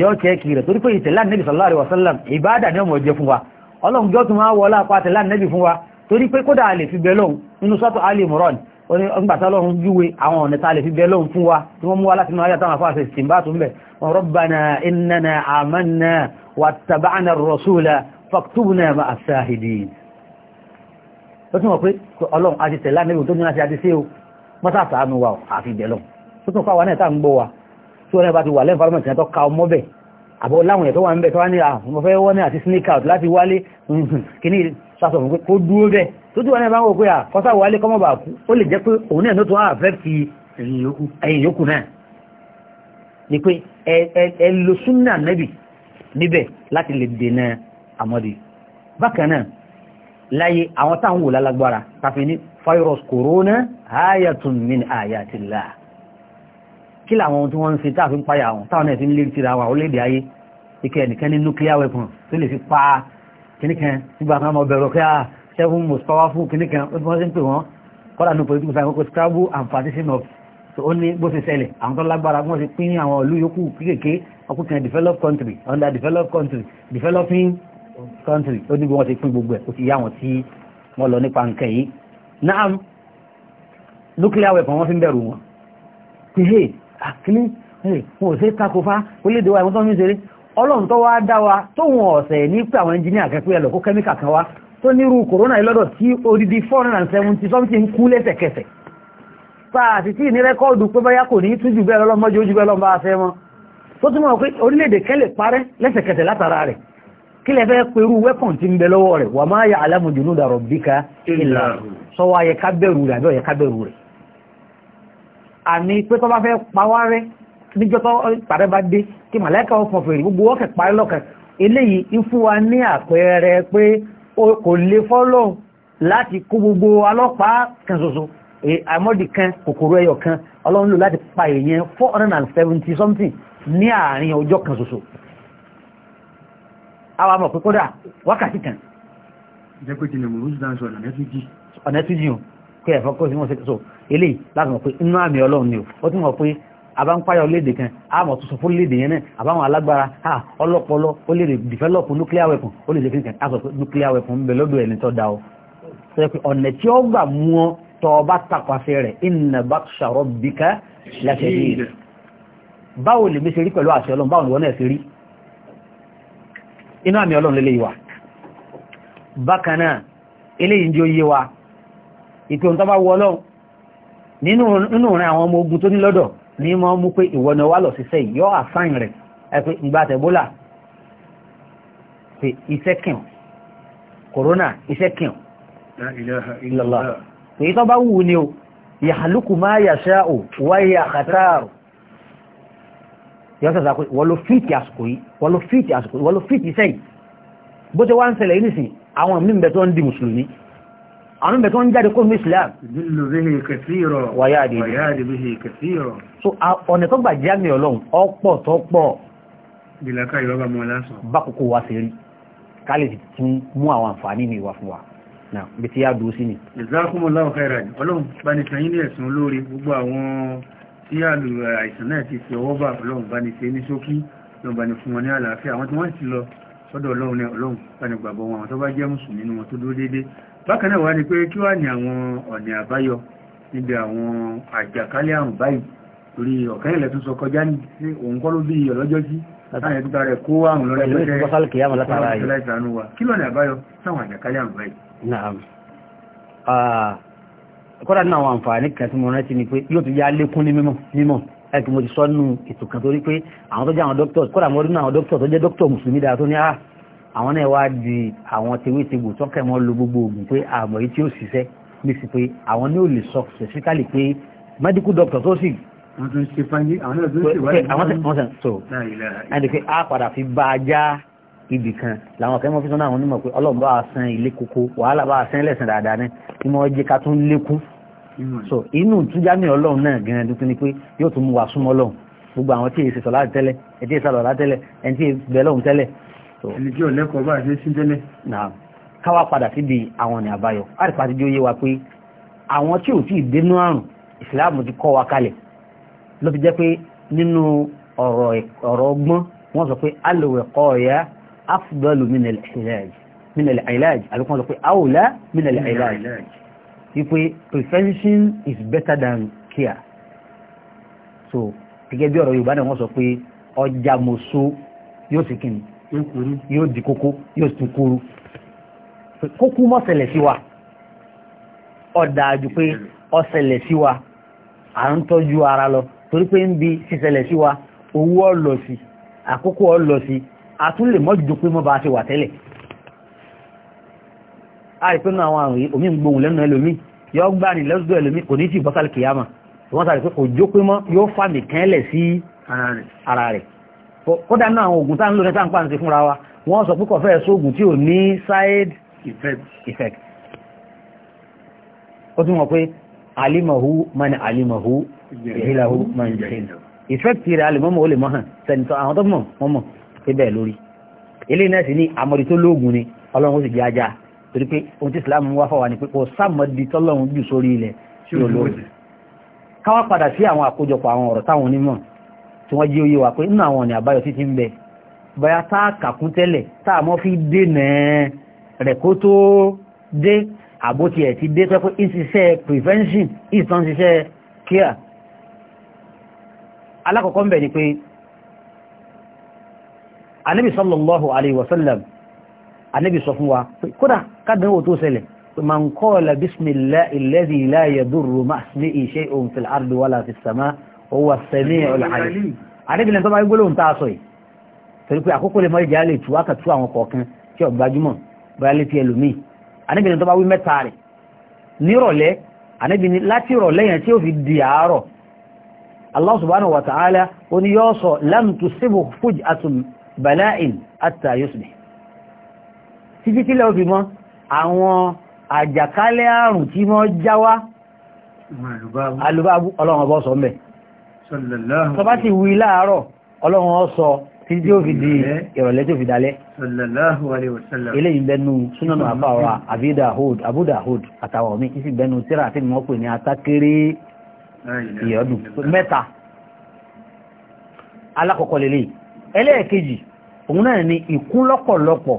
yóò chẹ́kì rẹ̀ torí pé ìtẹ̀lá nẹ́bì sallallahu alaihi wasallam ìbádà ní ọmọ ọjẹ́ fún wa ọlọ́run jọ́ tún wá wọlá apá tẹ̀lá nẹ́bì fún wa torí pé kódà lè fi bẹ́lọ́un nínú sọ́tọ̀ Ali Imran ọgbàtàlọ́run júwe àwọn ọ̀nà tààlẹ̀ fi bẹ́ẹ̀ lọ́run fún wa tí wọ́n mú wá láti náà yàtàwọn àfáàṣẹ ìsìnbá tó ń bẹ̀ wọn rọ́bàna iná àmàna wà tàbàna rọ̀súlà fàktúbùnà àṣàhìdì tó tún wọ́n pé ọlọ́run àti tẹ̀lá níbi tó ní láti àti sí o mọ́tà sàánú wa àfi bẹ̀ lọ́run tó tún fáwọn ẹ̀ta ń gbọ́ wa tí wọ́n bá ah, out láti wálé kìíní sásọ̀ fún pé kó tójú wọn bá ń wò pé à kọ́sà wọlé kọ́mọ̀ bà kú ó lè jẹ́ pé òun náà ló tún wá fẹ́ fi ẹ̀yìn yòókù náà ni pé ẹ lo súnà nẹ́bì níbẹ̀ láti lè dènà àmọ́dé bákan náà láyé àwọn táwọn wò lálágbára tàfi ní virus corona ayatun min ayatillah kí làwọn tí wọ́n ń ṣe táàfi ń páyà táwọn náà fi ń lé tira àwọn orílẹ̀-èdè ayé ike ẹnìkan ní nuclear weapon tó lè fi pa kíníkan nígbà kan ọmọ bẹ̀rọ kí á seven most powerful kìnnìkan ó ti wọ́n sí ń pè wọ́n kọ́lá ní political science kò scrabble and partition of so ó ní bó ṣe ṣẹlẹ̀ àwọn tó lágbára wọ́n ti pín àwọn ìlú yòókù kéékèèké ọkùnkùn developed country under developed country developing country ó ní bí wọ́n ti pín gbogbo ẹ̀ ó ti yá wọn tí wọ́n lọ nípa nǹkan yìí náà nuclear weapon wọ́n fi ń bẹ̀rù wọn pé hey àkíní wọn ò ṣe tako fa orílẹ̀-èdè wa ìwọ́n tó ń ṣeré ọlọ́run tó wá dá wa tóun ọ̀sẹ̀ ní pé àwọn ẹnjìníà kẹ́kẹ́ ẹ̀ lọ kó kẹ́míkà kan wá tó nírú corona ìlọ́dọ̀ tí odidi 470 something kú lẹ́sẹ̀kẹsẹ̀ pàà sí tí ní rẹ́kọ́ọ̀dù pé báyá kò ní tújù bẹ́ẹ̀ lọ́lọ́mọ́ jù bẹ́ẹ̀ lọ́mọ́ afẹ́ mọ́ tó túnmọ̀ pé orílẹ̀-èdè kẹ́lẹ̀ parẹ́ lẹ́sẹ̀kẹsẹ̀ látara rẹ̀ kí lẹ fẹ́ pẹ̀rú wẹ́pọ̀n tí ń bẹ lọ́wọ́ rẹ̀ wà máa yà alamu junuda rabbika illa sọwọ́ ayẹ ká bẹ̀rù rẹ̀ àbẹ́ ọ̀yẹ ká bẹ̀rù rẹ̀ àní pé tó bá fẹ́ pawá rẹ̀ níjọ́ tó parẹ́ bá dé kí màlẹ́kà ọkàn fèrè gbogbo ọkẹ̀ parẹ́ lọ́kàn eléyìí ń fún wa ní àpẹẹrẹ pé kò lè fọ́lọ́hùn láti kó gbogbo ọlọ́pàá kan ṣoṣo e, àmọ́dì kan kòkòrò ẹyọ kan ọlọ́run lò láti pa èèyàn 470 something ní àárín ọjọ́ kan ṣoṣo àwọn àmọ̀ pé kódà wákàtí kan jẹ́ pé tí lè mo rúsùdá ń sọ ọ̀nà tó jì àbá ń fáyọ léde kan àmọ̀ tuntun fún léde yẹn náà àbáwọn alágbára ha ọlọ́pọlọ ó lè develop nuclear weapon ó lè definitely a sọ pé nuclear weapon ń bẹ lọ́dọ̀ ẹni tó da ọ sọ pé ọ̀nà tí ó gbà mú ọ tọ́ ọ bá takwasẹ́ rẹ̀ inna baksha rabbika lashadid báwo lè mi ṣe rí pẹ̀lú àṣẹ ọlọ́run báwo ni wọ́n náà ṣe rí inú àmì nínú ìran àwọn ọmọ ogun tó ní lọ́dọ̀ ní mọ́ mú pé ìwọ ni wà lọ síṣẹ́ yìí yọ́ àfáìn rẹ̀ ẹ̀pẹ́ ìgbà tẹ̀bólà pé iṣẹ́ kìọ̀ kòrónà iṣẹ́ kìọ̀ ìlọ́lá pé ìtọ́ bá wù ní o yàhálùkù máa yàṣá ò wáyé àkàtàrù yọ́ sọ̀tà pé wọ́n ló fíìtì àsìkò yìí wọ́n ló àwọn ìbẹ̀ tó ń jáde kó ní islam wàyáàdì bí kẹfìrọ̀ so ọ̀nà tó gbà jẹ́ àmì ọlọ́run ọ̀pọ̀ tó pọ̀ bákòókò wá sí rí ká lè tún mú àwọn àǹfààní mi wá tí a dúró sí ni jazakumullahu khairan ọlọ́run bá ní sẹ́yìn ní ẹ̀sùn olóore gbogbo àwọn tí àlù eh, àìsàn náà ti fi ọwọ́ bá ọlọ́run bá ní ṣe ní ṣókí ọlọ́run bá ní fún wọn ní àlàáfíà àwọn tí wọ́n ti lọ sọ́dọ̀ ọlọ́run ní ọlọ́run bá ní gbàgbọ́ wọn àwọn tó bá jẹ́ mùsùlùmí wọn tó dúró déédéé bákan náà wá ní pé kí wá ní àwọn ọ̀nà àbáyọ níbi àwọn àjàkálẹ̀ àrùn báyìí torí ọ̀kan ilẹ̀ tó sọ kọjá ní òun kọ́ ló bí ọlọ́jọ́ sí láàrin ẹ̀dúgbà rẹ̀ kó àrùn lọ́rẹ́ ni pé yóò tún yá lékún ní mímọ̀ ẹ̀kùn mo ti sọ nù ètò kan torí pé àwọn tó jẹ́ àwọn dókítọ̀ kọ́dà mo rí àwọn àwọn náà wá di àwọn tewétegbò tọ́kẹ̀ mọ́ lo gbogbo oògùn pé àmọ̀ yìí tí ó ṣiṣẹ́ níṣì pé àwọn ní ò lè sọ specifically pé medical doctor tó sì. wọ́n tún ṣe fáyé àwọn náà tó ṣe wáyé. àwọn tẹ̀ wọ́n tẹ̀ so ẹni pé a padà fi bá a já ibì kan làwọn akẹ́mọ́ fi sọ́nà àwọn onímọ̀ pé ọlọ́run bá a san ilé koko wàhálà bá a san ẹlẹ́sìn dáadáa ní kí wọ́n jẹ́ ká tún lékún. so inú túnjá ní ọlọ́run náà gan-an tuntun ni pé yóò tún mú wa súnmọ́ ọlọ́run gbogbo àwọn tí èsì sọ̀lá tẹ́lẹ̀ ẹ̀ tí èsì sọ̀lá tẹ́lẹ̀ ẹ̀ tí èsì bẹ́ẹ̀ lọ́run tẹ́lẹ̀ ẹni tí ò lẹ́kọ̀ọ́ bá ṣe sí tẹ́lẹ̀. káwá padà síbi àwọn ọ̀nà àbáyọ àrípa ti jóye wa pé àwọn tí ò tí ì dénú àrùn ìsìláàmù ti kọ́ wa kalẹ̀ ló fi jẹ́ pé nínú ọ̀rọ̀ ọgbọ́n wọ́n sọ pé alùwẹ̀kọ́ ọ̀yá afdalu minal ilaj minal ilaj àbí wọ́n sọ pé awla minal ilaj wípé prevention is better than care so gẹ́gẹ́ bí ọ̀rọ̀ Yorùbá náà wọ́n sọ pé ọjà mọ̀ṣó yóò sì kìnnì yóò di kókó yóò tún kúrú kókú mọ́ ṣẹlẹ̀ sí wa ọ̀dà àjù pé ó ṣẹlẹ̀ sí wa à ń tọ́jú ara lọ torí pé ń bi ṣiṣẹlẹ̀ sí wa owó ọ̀lọ̀ sí àkókò ọ̀lọ̀ sí a tún lè mọ́jú pé mọ́ bá ṣe wà tẹ́lẹ̀ àìpínú àwọn àrùn yìí omi ń gbohùn lẹ́nu ẹlòmí yọ gbà ní lẹ́sùdọ̀ ẹlòmí kò ní tí ìbọ́sálì kìyàmà wọ́n sáré pé kò jó pé mọ́ yóò fàmì kẹ́lẹ̀ sí ara rẹ̀ kódà náà àwọn ògùn tá ń lò ní táǹpà ń ṣe fúnra wa wọ́n sọ púpọ̀ fẹ́ sóògùn tí ò ní side effect ó tún mọ̀ pé alimahu mani alimahu ìhìlahu mani ìhìlahu effect rẹ̀ alimọ́mọ́ ó lè mọ́ hàn sẹ́nitọ́ àwọn tó mọ̀ mọ́mọ́ pé bẹ́ẹ̀ lórí eléyìí náà sì ní àmọ́dí tó lóògùn ni ọlọ́run ó sì jẹ́ ajá torí pé ohun tí islam wá fáwa ni pé kò sáàmọ́dí tọ́lọ́run jù sórí ilẹ̀ tí ó lóògùn káwá padà sí àwọn àkójọpọ̀ àwọn ọ̀rọ̀ táwọn onímọ̀ tí wọ́n jí oyé wa pé nínú àwọn ọ̀nà àbáyọ títí ń bẹ báyá táà kàkún tẹ́lẹ̀ táà mọ́ fi dènà rẹ̀ kó tó dé àbótí ẹ̀ ti dé tó pé ìṣiṣẹ́ prevention ìtàn ṣiṣẹ́ care alákọ̀ọ́kọ́ ń bẹ ni pé anábì sallallahu alayhi wa sallam anábì sọ fún wa kódà kádánwò tó ṣẹlẹ̀ man qala bismillahi alladhi la yadurru ma'asmi shay'un fil ardi wala fis samaa owó sẹ́mí ọ̀làlẹ́ àdébìnrin tó bá gbólóhùn tá a sọ yìí torí pé àkókò lè mọ ìjà lè tú wákà tú àwọn kọ̀ọ̀kan tí ó gbajúmọ̀ bóyá létí ẹlòmíì àdébìnrin tó bá wí mẹ́ta rẹ̀ nírọ̀lẹ́ àdébìnrin láti rọ̀lẹ́ yẹn tí ó fi di àárọ̀ Allah subhanahu wa ta'ala ó ní yóò sọ lam tusibu fuj'atun bala'in hatta yusbih títí tílẹ̀ ó fi mọ́ àwọn àjàkálẹ̀ àrùn tí wọ́n já wá ọlọ́run ọbọ̀ sọ mẹ́ẹ̀ tó bá ti wí láàárọ̀ ọlọ́run ọ sọ tí tí ó fi di ìrọ̀lẹ́ tó fi dalẹ́ eléyìí bẹnu súnánù àbáwà àbídàhood abúdàhood àtàwọn mi ìsì bẹnu tíra àti mọ́ pè ní atákéré ìyọ́dún mẹ́ta alákọ̀ọ́kọ́ lélẹ̀ ẹlẹ́ẹ̀kejì òun náà ni ìkún lọ́pọ̀lọpọ̀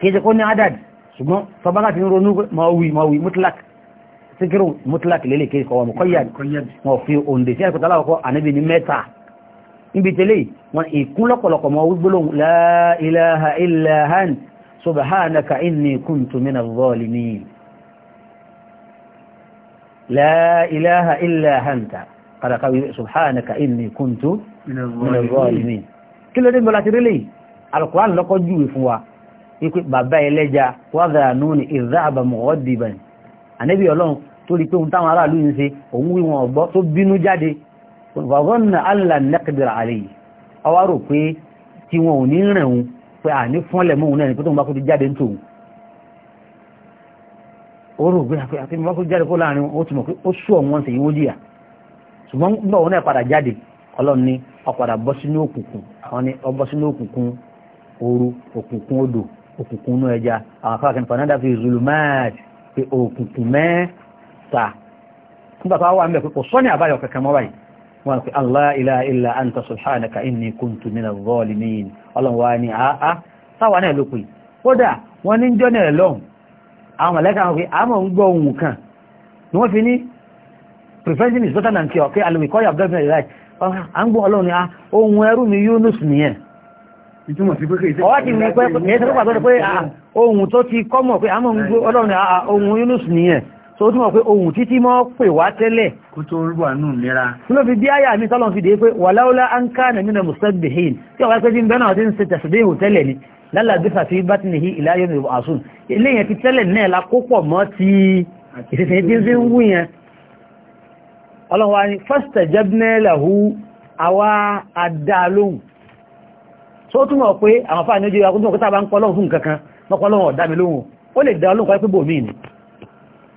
kéje kó ní adad ṣùgbọ́n tọba láti ń ronú ma wí ma wí sikiru mutlak lele ke ko mo koyad mo fi onde se ko tala ko anabi ni mẹ́ta ibi tele wọ́n ikun lọ́pọ̀lọpọ̀ mo wí gbólóhùn la ilaha illa han subhanaka inni kuntu min adh-dhalimin la ilaha illa anta qala qawi subhanaka inni kuntu min adh-dhalimin kilo de bola tirele alquran loko júwe fún wa ipe bàbá ẹlẹ́ja wa dhanuni idhaba mughadiban anabi Ọlọ́hun torí pé òun táwọn aráàlú yìí ṣe òun wí wọn ọ̀gbọ́ tó bínú jáde fàgọ́nà allah nẹ́kẹ̀dẹ̀rẹ̀ àlẹ́ yìí ọwá rò pé tí wọn ò ní rìn òun pé à ní fúnlẹ̀ mọ́ òun náà ní pé tóun bá kó ti jáde ń tòun ó rò pé àti bá kó jáde kó láàrin ti jáde ọlọ́run ní ọ̀padà bọ́ òkùnkùn àwọn ta nígbà tó wà mẹ́kù kò sọ́ni àbáyọ̀ kankan mọ́ báyìí wọn pe allah illa anta subhanaka inni kuntu min az-zalimin ọlọ́run wa ni a ah, ah. táwa na ló pè kódà wọ́n ní jọ́nà a lọ́hùn àwọn mọ̀lẹ́ka kan ni wọ́n fi prevention is better than cure okay ni ah, ohun Yunus ọwá ti tó pé ohun tó ti kọ́mọ̀ pé ohun so túnmọ̀ pé ohun títí mọ́ pè wá tẹ́lẹ̀ kú tó rúgbà nù nira ló fi bí áyà mi tọ́lọ̀ fi dé pé wà láúlá an ká nà nínú musabbihin tí ọ̀wá pé tí ń bẹ́ náà ti ń ṣe tẹ̀sídẹ́ tẹ́lẹ̀ ni lálàgbèsà fi bá ti nìyí ìláyọ̀ mi àsùn eléyẹn ti tẹ́lẹ̀ náà la kó pọ̀ mọ́ ti ìṣẹ̀ṣẹ̀ tí ń fi ń lahu àwa adálóhùn so túnmọ̀ pé àwọn fáàní ojú akúntúnmọ̀ pé tá a bá ń pọ́ lọ́hùn fún nǹkan kan mọ́pọ́ lọ́hùn ọ̀dá ni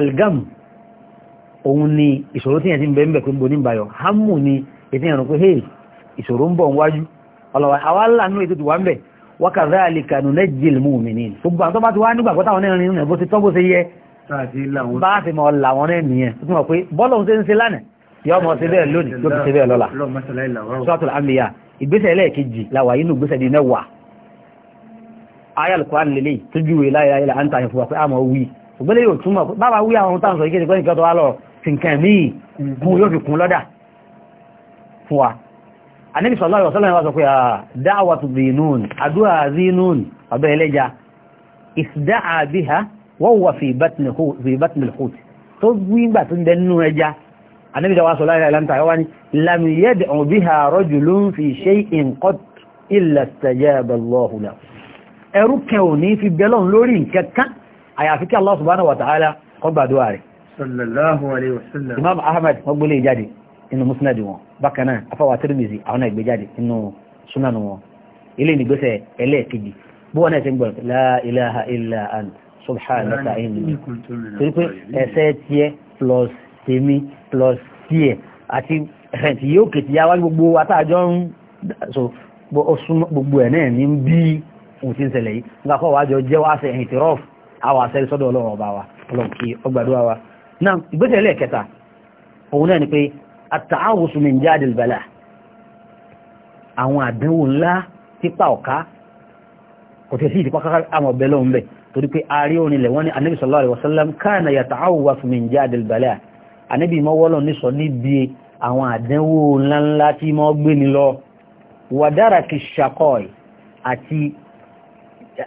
algam òun ni ìṣòro tí yẹn ti ń bẹ̀ẹ́ pé bo ní ìbáyọ̀ hamu ni ètí yẹn rò pé hey ìṣòro ń bọ̀ wájú ọlọ́wà àwa lànà ètò ìwà ń bẹ̀ wákàtí àlìkànú lẹ́jìl mú mi ní gbogbo àwọn tó bá ti wá nígbàgbọ́ táwọn náà rìn rìn bó ti tọ́ bó ṣe yẹ bá a ti mọ̀ làwọn náà nìyẹn tó mọ̀ pé bọ́lọ̀ ń ṣe ń ṣe lánàá yọ mọ̀ ṣe bẹ́ẹ̀ lónìí yóò ṣe bẹ́ẹ̀ lọ́la ṣùgbọ́n yóò túmọ̀ pé bàbá wí àwọn táwọn sọ ìkéde pé nǹkan tó wá lọ sí nǹkan míì mú yóò fi kún lọ́dà fún wa Ànábì sallallahu alaihi wasallam sọ pé da'watu Dhinun àdúrà Dhinun ọ̀dọ́ ẹlẹ́ja isda'a biha wa huwa fi batni al-hut tó gbígbà tó ń bẹ nínú ẹja Ànábì wa sallallahu alaihi wasallam lam yad'u biha ò ní fi bẹ́lọ̀ lórí nǹkan àyàfi kí Allah subhanahu wa ta'ala kó gbàdúwà rẹ̀ sallallahu alaihi wasallam imam ahmad wọ́n gbélé jáde inú musnad wọn bákan náà afọwà tirimizi àwọn náà gbé jáde inú sunan wọn ilé ìgbésẹ̀ ẹlẹ́ẹ̀kejì bí wọ́n náà ti ń gbọ́ la ilaha illa ant subhanaka inni torí pé ẹsẹ̀ tiẹ̀ plus tèmi plus tiẹ̀ àti ẹ̀hẹ̀ntì yóò kètì yá wájú gbogbo atájọ́ ń so gbogbo ẹ̀ ní bí òun ti ń ṣẹlẹ̀ yìí nígbà fọwọ́ jẹ́ wá ṣe ẹ̀hìn tìrọ́fù àwọn àṣẹ́rí sọ́dọ̀ ọlọ́run ọba wa ọlọ́run kí ọgbàdúrà wa náà ìgbésẹ̀ ẹlẹ́ẹ̀kẹta òun náà ni pé àtàwùsù min jáde ìbẹ̀lẹ̀ àwọn àdánwò ńlá pípa ọ̀ká kò tẹ̀sí ìdípa kákà àmọ̀ ọ̀bẹ lọ́hùn bẹ̀ torí pé ààrí orin ilẹ̀ wọ́n ní anábì sallallahu alaihi wasallam káàna yata'awwas min jáde ìbẹ̀lẹ̀ anábì mọ́wọ́lọ́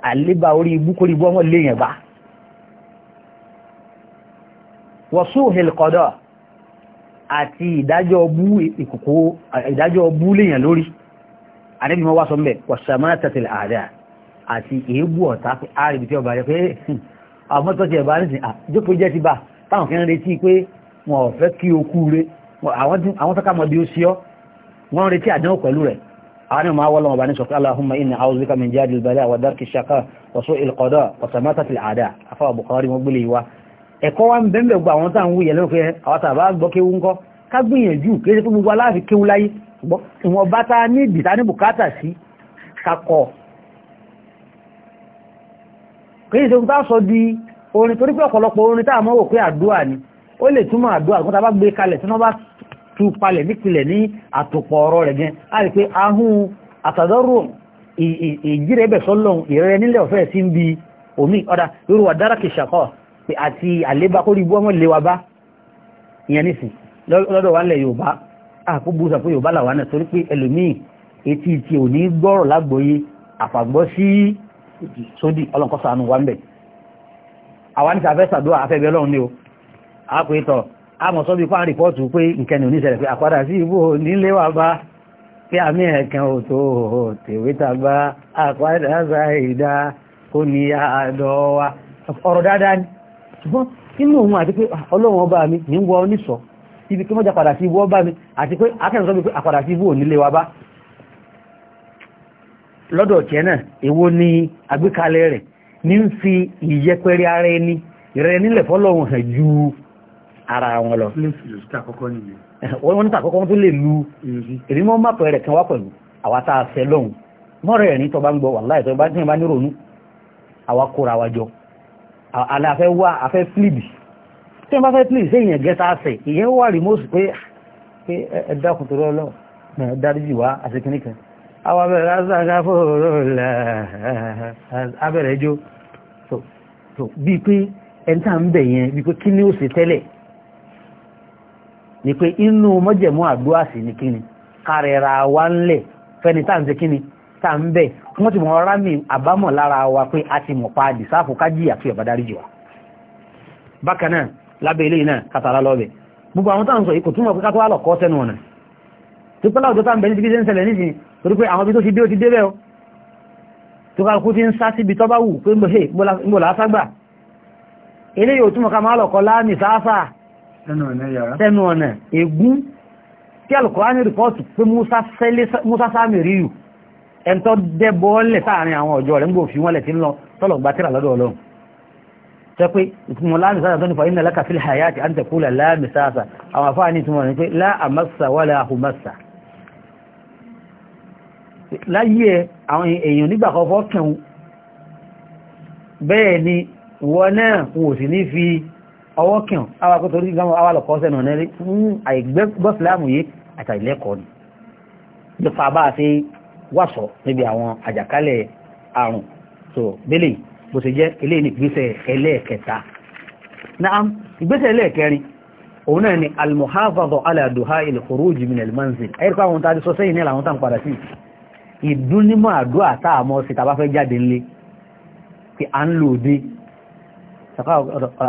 àlébà orí ibú kórí ibú ọmọ léèyàn bá wasuhil qada àti ìdájọ́ ọbú ìkòkò ìdájọ́ ọbú léèyàn lórí àníbi mọ́ wá sọ mẹ́ wasamatatil a'da àti èébù ọ̀tá pé ààrìbì tí ọba rẹ̀ pé hmm, àwọn tó ti ẹ̀bá nísìn àjókòó jẹ́ ti bá táwọn kí ń retí pé wọn ò fẹ́ kí o kú àárín máa wọ́lọ́wọ́ bá ní sọ pé aláhùnmá iná àwọ́zíkà min jáde ìbálẹ̀ àwọn dárkì ṣaka wàsó ìlkọ̀dọ̀ wàsàmátàtì àdá afáwà Bukhari wọ́n gbélé wa ẹ̀kọ́ wa ń bẹ́ẹ̀ gbọ́ àwọn tá à ń wúyẹ̀ lóòfẹ́ àwọn tàbá gbọ́ kéwú ńkọ́ ká gbìyànjú kéde fún gbogbo aláàfin kéwú láyé ìwọ̀n bá ta ní ìdìta ní bùkátà sí kakọ̀ kéde tó ń tá sọ di orin torí pé ọ̀pọ̀lọpọ̀ orin tá à mọ́ wò pé ni ó lè túmọ̀ àdúrà kó ta bá gbé kalẹ̀ tí wọ́n bá tú palẹ̀ nípìlẹ̀ ní àtòpọ̀ ọ̀rọ̀ rẹ̀ gan a rí pé ahun àtàdọ́rù ìjírẹ̀bẹ̀ sọ́lọ́hun ìrẹ́rẹ́ nílẹ̀ ọ̀fẹ́ sí ń bi omi ọ̀dà lórí wà dára kìí ṣàkọ́ àti àlébá kórí ibú ọmọ léwa bá ìyẹn nísìn lọ́dọ̀ wa ńlẹ̀ yorùbá àkóbù sọ pé yorùbá làwọn náà torí pé ẹlòmíì etí ti ò ní gbọ́rọ̀ lágbóyé àfàgbọ́ sí sódì ọlọ́nkọ́sánú wa ń bẹ̀ àwọn àti àfẹ́sàdúrà afẹ́bẹ́ ọlọ́run ni o àpò ìtọ̀ àmọ̀ sọ́bí pa rìpọ́ọ̀tù pé nkẹni oníṣẹ̀lẹ̀ pé àpadà sí ibò nílé wà bá pé àmì ẹ̀kan ò tó tèwé tàbá àpadà sáìdá kó ní àádọ́ wa ọ̀rọ̀ dáadáa ni ṣùgbọ́n inú òun àti pé ah, ọlọ́run ọba mi ní wọ oníṣọ́ ibi kí mọ́jà padà sí ibò ọba mi àti pé akẹ́rin sọ́bí pé àpadà sí ibò nílé wa bá lọ́dọ̀ tiẹ̀ náà èwo ni àgbékalẹ̀ rẹ̀ ní ń fi ìyẹpẹrẹ ju ara wọn lọ. wọ́n ní tàkọ́kọ́ tó lè lu èmi mọ́ máa pẹ̀rẹ̀ kan wá pẹ̀lú àwa tá a fẹ́ lọ́hùn mọ́rẹ̀ ẹ̀rín tó bá ń gbọ́ wàláì tó bá tí wọ́n bá ní ronú àwa kóra wa jọ àlẹ́ afẹ́ wá afẹ́ flíbì tí wọ́n bá fẹ́ flíbì sí ìyẹn gẹ́ta àṣẹ ìyẹn wà rìmọ́sì pé ẹ dákun tó lọ́lọ́ dáríjì wá àṣekínní kan àwọn abẹ́rẹ́ aṣáájá fòrò lẹ́ abẹ́rẹ́ jó bí pé ẹni tá à ń bẹ̀ yẹn bí pé kí ni ó ṣe tẹ́lẹ̀ ni pé inú mọ́jẹ̀mú àdúrà sí ni kíni kárẹ̀ra wa ń lẹ̀ fẹ́ni tá à ń ṣe kíni tá à ń bẹ̀ wọ́n ti mọ̀ ọ́rá mi àbámọ̀ lára wa pé a ti mọ̀ pa àdìsáàfù ká jìyà tó yọ̀bá dárí jù wa. bákan náà lábẹ́ ilé náà kàtàrà lọ́ọ̀bẹ̀ gbogbo àwọn táwọn sọ ikò túnmọ̀ pé kátó wà lọ́kọ́ sẹ́nu ọ̀nà tó pẹ́lá òjò táwọn bẹ̀rẹ̀ ti ń ṣẹlẹ̀ nísìnyí torí pé àwọn tó ti dé ó ti dé bẹ́ẹ̀ o tó ká kú ti ń sá síbi tọ́ bá wù pé ń bọ̀ láságbà eléyìí ò túnmọ̀ ká máa lọ̀kọ́ láàmì sááfà tẹnu ọ̀nà ègún tí alùkọ̀ọ́nì rìpọ́ọ̀tù pé Musa Samiriyu ẹ̀ntọ́ dẹ́bọ́ọ́lẹ̀ sáàrin àwọn ọjọ́ rẹ̀ ń gbò fi wọ́n lẹ̀ tí ń lọ tọ́lọ̀ gba tíra lọ́dọ̀ ọlọ́run tẹ́ pé ìtumọ̀ láàmì sáàsà tó nípa iná lẹ́ka fil hayati an taqula láàmì sáàsà àwọn afáà ọwọ́ kìàn awakọ̀ torí ìgbàmọ̀ awalọ̀kọ́ sẹ́nà náà rí fún àìgbẹ́gbọ́sílámù yìí àtàìlẹ́kọ̀ọ́ ni nípa bá a ṣe wàṣọ níbi àwọn àjàkálẹ̀ àrùn tó bẹ́lẹ̀ bó ṣe jẹ́ eléyìí ní ìgbésẹ̀ ẹlẹ́ẹ̀kẹta náà ìgbésẹ̀ ẹlẹ́ẹ̀kẹrin òun náà ni almuhafaza ala duhail khuruj min almanzil ẹ̀rí pé àwọn tàbí sọ sẹ́yìn náà làwọn tàn padà sí ìdúnnímọ̀ àdúrà táàmọ́ sí tàbá fẹ́ jáde ńlé pé à ń lò dé sàfà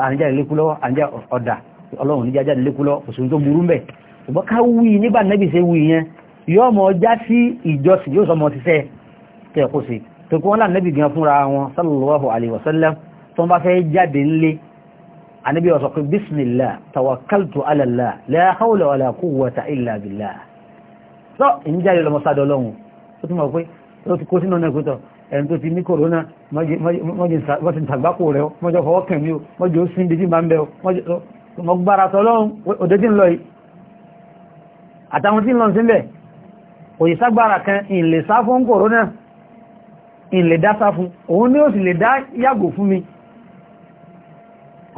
ànijáde lékú lọ́wọ́ ànijá ọ̀dà ọlọ́run ní jájáde lékú lọ kò sí tó burú mbẹ̀ ṣùgbọ́n ká wí nígbà nẹ́bì ṣe wí yẹn yóò mọ já sí ìjọsìn yóò sọmọ ti sẹ́ tẹ̀ kó sí tó kí wọ́n lá nẹ́bì gan fúnra wọn sallallahu alaihi wasallam tó ń bá fẹ́ jáde ńlé ànábì ọ̀sọ̀ pé bismillah tawakkaltu ala ẹni tó ti ní kòrónà mọ́jì ìtàgbákò rẹ̀ mọ́jọ fọwọ́ kẹ̀mí o mọ́jọ ó sí ibi tí máa ń bẹ o mọ́ gbára tọ́lọ́run òde tí ń lọ yìí àtàwọn tí ń lọ síbẹ̀ òyì ságbára kan ìlè sá fún kòrónà ìlè dá sá fún òun ni ó sì lè dá yàgò fún mi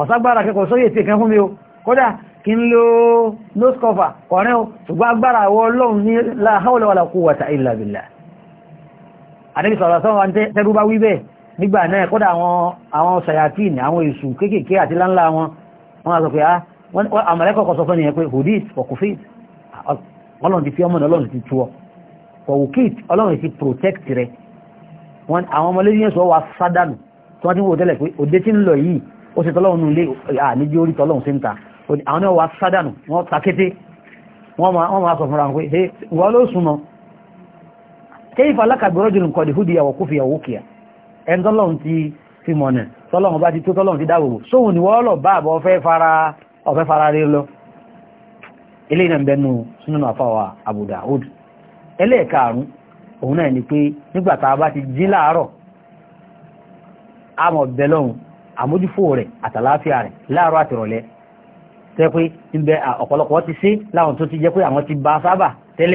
ọ̀ságbára kẹ́kọ̀ọ́ sóyè tí kan fún mi o kódà kí n lo nose cover kọ̀rin o ṣùgbọ́n agbára àwọn ọlọ́run ní la hawla wala quwwata illa billah àdébí sọ̀rọ̀ sọ́wọ́n tẹ́rú bá wí bẹ́ẹ̀ nígbà náà kódà àwọn sàyàtìn àwọn èṣù kéékèèké àti láńlá wọn wọ́n sọ pé á ah, àmọ̀lẹ́kọ̀ọ́kọ́ sọ fún ẹnìyàn pé hudit ọkùnfẹ́ ọlọ́run ti fi ọmọ ọlọ́run ti tú ọ kọ̀wùkìt ọlọ́run ti protect rẹ wọn àwọn ọmọlẹ́yìn yẹn sọ wà sádànù tí wọ́n ti ń wò tẹ́lẹ̀ pé òde tí ń lọ yìí ó ṣe tọ́lọ́run nù ilé àníjí orí tọ́lọ́run sí ń ta àwọn náà wà sádànù wọ́n takété wọ́n máa sọ fúnra wọn pé wọ́n ló sùn mọ́ kéyìfà alákàgbèrọ́jùlù nǹkan ìhúdí àwọ̀ kó fi àwọ̀ ẹn tọ́lọ́run ti fi mọ̀nà tọ́lọ́run bá ti tó tọ́lọ́run ti dáwòwò sóhun ni wọ́n lọ bá àbọ̀ ọ̀fẹ́ fara rí lọ ilé ìnà ìbẹnu súnmọ́ àfàwà Abu Daud òun náà ni pé a bá ti jí láàárọ̀ àmọ̀ bẹ́lọ́hun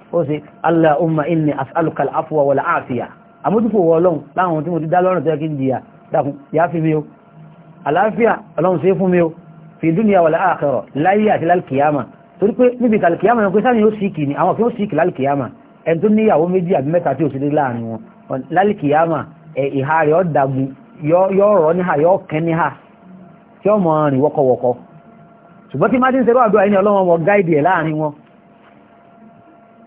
ó sì Allahumma inni as'aluka al-afwa wal afiya àmójúfò wọ ọlọ́run láwọn tí mo ti dá lọ́rùn tẹ́ kí n jìyà dákun yá fi mi o àlàáfíà ọlọ́run ṣe fún mi o fi dúnìyà wal akhirah láyé àti lálkìyàmà torí pé níbi kàlkìyàmà ẹni pé sáà ni ó sì kì ní àwọn kí ó sì kì lálkìyàmà ẹni tó níyàwó méjì àbí mẹ́ta tí ò sí ní láàrin wọn lálkìyàmà ìhà rẹ̀ ọ́ ṣùgbọ́n tí má ti ń ṣerú àdúrà yìí ni wọn gáìdì ẹ̀ láàrin wọn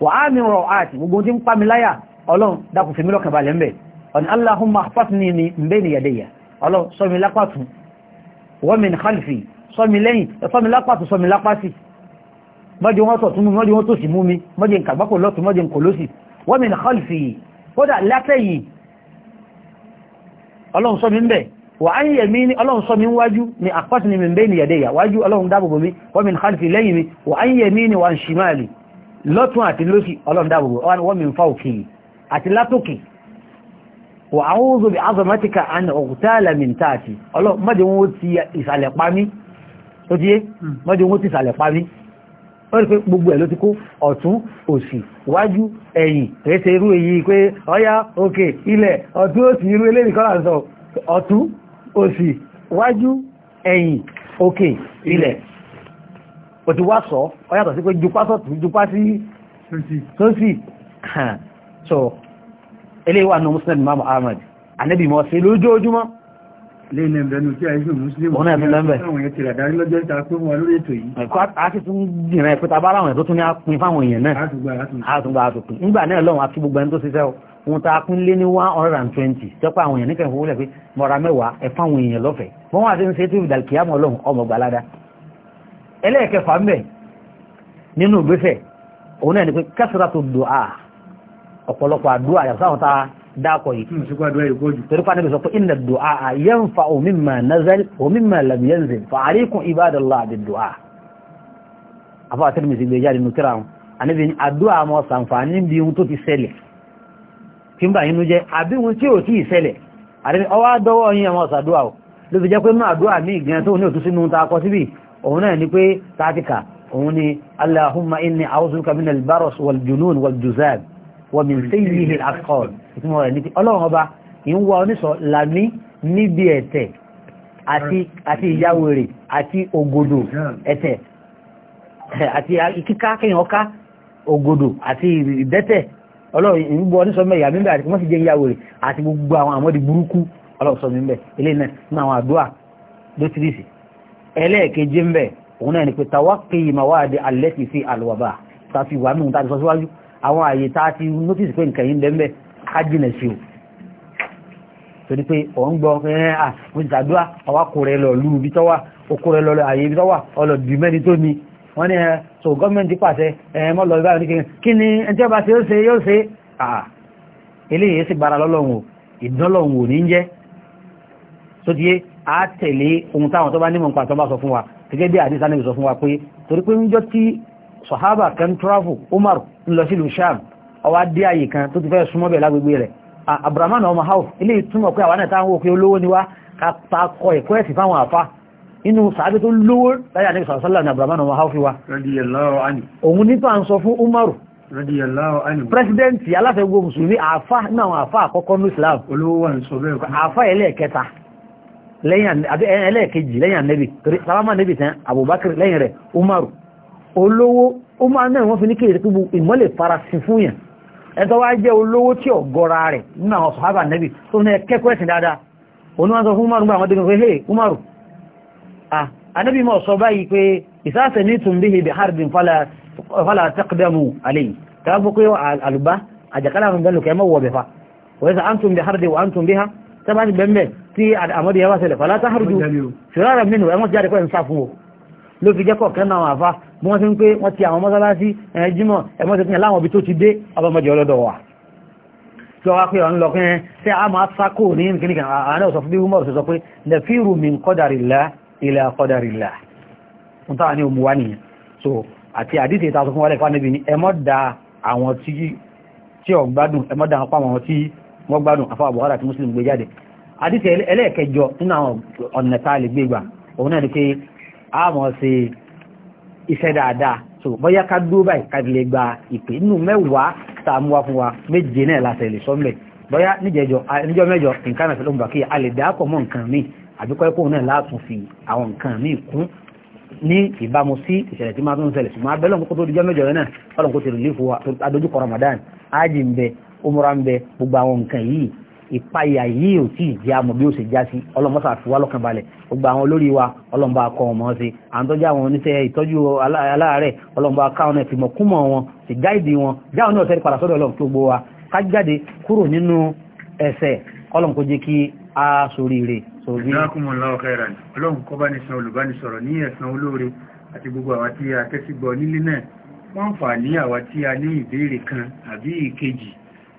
wà á mi rọ̀ àti gbogbo tí ń pa mi láyà ọlọ́run dákun fi mí lọ́kàn balẹ̀ ńbẹ̀ ọ̀nà Allahumma ahfazni min bayni yadayya ọlọ́run ṣọ́ mi lápá ọ̀tún wa min khalfi ṣọ́ mi lẹ́yìn ṣọ́ mi lápá ọ̀tún ṣọ́ mi lápá sí mọ́jẹ́ wọ́n sọ̀tún mú mọ́jẹ́ wọ́n tó sì mú mi mọ́jẹ́ nkàgbákò lọ́tún mọ́jẹ́ nkòlósì wa min khalfi kódà látẹ̀yìn ọlọ́run ń yẹ̀ mí ní ọlọ́run mi ń wájú ni àpọ́sí lọ́tún àti lóṣì ọlọ́run dáàbòbò wọ́n mi ń fa òkè àti látòkè wà áwúzò bí azọmátíkà àni ọ̀kútààlà mi tààtì ọlọ́run mọ́dé wọ́n ti hmm. ìsàlẹ̀ pamí tó díé mọ́dé wọ́n ti ìsàlẹ̀ pamí wọ́n rí pé gbogbo ẹ̀ ló ti kó ọ̀tún òsì wájú ẹ̀yìn rẹ̀ṣẹ̀ irú èyí pé ọya òkè ilẹ̀ ọ̀tún òsì irú eléyìí sọ ọ̀tún òsì wájú ẹ̀yìn òkè ilẹ̀ o ti wá sọ ọ yàtọ̀ sí pé jupá sọ̀tún jupá sí sọ́sì so eléyìí wà ní muslim imam ahmed anabi mọ́ sí lójoojúmọ́ lẹ́yìn ẹ̀bẹ̀nu tí a yẹ́ muslim ọ̀nà ẹ̀bẹ̀lẹ́bẹ̀ àwọn èèyàn ti rà dárí lọ́jọ́ ìta pé wọn lórí ètò yìí ẹ̀kọ́ a ti tún jìnà ìpẹta bá láwọn ètò tún ní apin fáwọn èèyàn náà àtúgbà àtùpin nígbà náà lọ́wọ́n akí gbogbo ẹni tó ṣiṣẹ́ ohun tá a pín lé ní one hundred and twenty tẹ́pọ̀ àwọn èèyàn níkẹ́ ìfowólẹ̀ pé mọ̀ra mẹ́wàá ẹ̀fáwọn èèyàn lọ́fẹ̀ẹ́ wọ́n wà sí ń ṣe tí ìdàlùkìyàmọ̀ ọlọ́run ọmọ gbàládá ẹlẹ́ẹ̀kẹfà ń bẹ̀ nínú ìgbésẹ̀ òun náà ni pé kẹsìrátù dùá ọ̀pọ̀lọpọ̀ àdúà yàtọ̀ sáwọn tá a dákọ̀ yìí hmm, torí pàdé bí sọ pé inna dùá yanfa mimma nazal wa mimma lam yanzil fa alaykum ibadallah bid dùá afọ àtẹ́lẹ́mìsì gbé jáde nù kíra wọn àníbi ni àdúà mọ́ sàǹfààní bí ohun tó ti ṣẹlẹ̀ kí n bá yínú jẹ́ àbí ohun tí ò tí ì ṣẹlẹ̀ àdẹ́ni ọwọ́ àdọ́wọ́ yín àwọn ọ̀sàdúà ò ló fi jẹ́ ta akọ síbí òun náà ni pé tàtíkà òun ni aláhùnmá inni àwọ́sùnkà min albaros waljunun waljuzab wa min sayyihi al-aqal ìtumọ̀ rẹ̀ ní pé ọlọ́run ọba kì ń wá oníṣọ́ làmí níbi ẹ̀tẹ̀ àti ìyáwèrè àti ògòdò ẹ̀tẹ̀ àti kíká kéèyàn ká ògòdò àti ìdẹ́tẹ̀ ọlọ́run ìrúbọ oníṣọ́ mẹ́yà mímbẹ̀ àti wọ́n sì jẹ́ ìyáwèrè àti ẹlẹ́ẹ̀kejì ń bẹ̀ òun náà ni pé tawakki mawadi allati fi alwaba ta fi wà nínú tàbí sọ́síwájú àwọn àyè tá ti notice pé nǹkan yìí lẹ́m̀bẹ̀ kájìnà sí o torí pé òun gbọ́ pé ẹ́ à mo ti tàdúrà ọwá kò rẹ lọ lú ibi tọ́wà okò rẹ lọ àyè ibi tọ́wà ọlọ dì mẹ́ni tó ni wọ́n ní ẹ so gọ́ọ̀mẹ̀ntì pàṣẹ ẹ mọ́ lọ ibà nìkan kí ni ẹ a tẹ̀lé ohun táwọn tó bá nímọ̀ nǹkan àtọ́bá sọ fún wa gẹ́gẹ́ bí àdísá níbi sọ fún wa pé torí pé ń jọ tí sahaba kan travel umar ń lọ sílùú sham ọwá dé àyè kan tó ti fẹ́ súnmọ́ bẹ̀ lágbègbè rẹ̀ abdulrahman ọmọ hauf ilé ìtumọ̀ pé àwọn ẹ̀ta ń wò pé olówó ni wá kápá kọ ẹ̀kọ́ ẹ̀sìn fáwọn àfa inú sàábé lẹ́yìn ẹlẹ́ẹ̀kejì lẹ́yìn anẹ́bì salama anẹ́bì tán abubakar lẹ́yìn rẹ̀ umaru olówó umaru náà wọ́n fi ní kéèrè pípú ìmọ́lẹ̀ farasin fún yàn ẹ̀tọ́ wá jẹ́ olówó tí ó gọ́ra rẹ̀ nínú àwọn sọ̀hábà anẹ́bì tó ní kẹ́kọ́ ẹ̀sìn dáadáa oníwọ́n sọ fún umaru gbà wọ́n dégun pé hey umaru ah anẹ́bì mọ̀ sọ báyìí pé ìsáàsẹ̀ ní tùmbí ibi harbin fala taqdamu alayhi tàbí pé àlùbá àjàkálà àwọn bẹ́lù kẹ́ tẹ́bá ti bẹ́m̀bẹ̀ tí àmọ́dé yẹwà ṣẹlẹ̀ fàlá táhàrùjú ṣòrára mínú ẹwọ́n ti jáde pẹ́ ń sá fún o ló fi jẹ́kọ̀ kẹ́ náà àfá bí wọ́n ti ń pé wọ́n ti àwọn mọ́sálásí ẹ̀yẹn jímọ̀ ẹ̀mọ́ ti pínyà láwọn ibi tó ti dé ọlọ́mọdé ọlọ́dọ̀ wà tí wọ́n wá pé ọ̀n lọ so àti àdìsí ìta sọ fún wọlé fún àwọn ẹbí ni ẹmọ́ da àwọn ọ̀gbádùn ẹmọ́ da àwọn tí wọ́n gbádùn afọ́ àbúhárà àti muslim gbé jáde àdìsẹ̀ ẹlẹ́ẹ̀kẹjọ nínú àwọn ọ̀nà tá a òun náà ni pé a mọ̀ sí iṣẹ́ dáadáa so bóyá ká dúró báyìí ká lè gba ìpè nínú mẹ́wàá tá a fún wa méje náà láti lè sọ mẹ́ bóyá níjẹjọ níjọ mẹ́jọ nǹkan náà fẹ́lẹ́ òǹbàkì a lè dáàpọ̀ mọ́ nǹkan míì àbíkọ́ ẹ̀kọ́ náà látún fi àwọn nǹkan míì kún ní ìbámu sí ìṣẹ̀lẹ̀ tí máa tún ṣẹlẹ̀ ṣùgbọ́n abẹ́lẹ̀ kó tó dijọ́ mẹ́jọ náà ọlọ́run kó ti rìlífù wa adójúkọ Ramadan ájì ń bẹ umra ń bẹ gbogbo àwọn nǹkan yìí ìpayà yìí ò tí ì jẹ́ àmọ́ bí ó ṣe já sí ọlọ́mọ́sà fi wá lọ́kàn balẹ̀ gbogbo àwọn olórí wa ọlọ́mọba akọ ọmọ ṣe à ń tọ́jú àwọn oníṣẹ́ ìtọ́jú aláàárẹ̀ ọlọ́mọba akáwọn náà fìmọ̀kúmọ̀ wọn ti gáìdì wọn jáwọn náà sẹ́ni padà ọlọ́run tó gbó wa ká jáde kúrò nínú ẹsẹ̀ ọlọ́run kó jẹ́ kí a soríire. jazakumullahu khairan ọlọ́run kó bá ní san olùbánisọ̀rọ̀ ní ẹ̀san olóore àti gbogbo àwa tí a tẹ́sí gbọ́ nílé náà wọ́n fà ní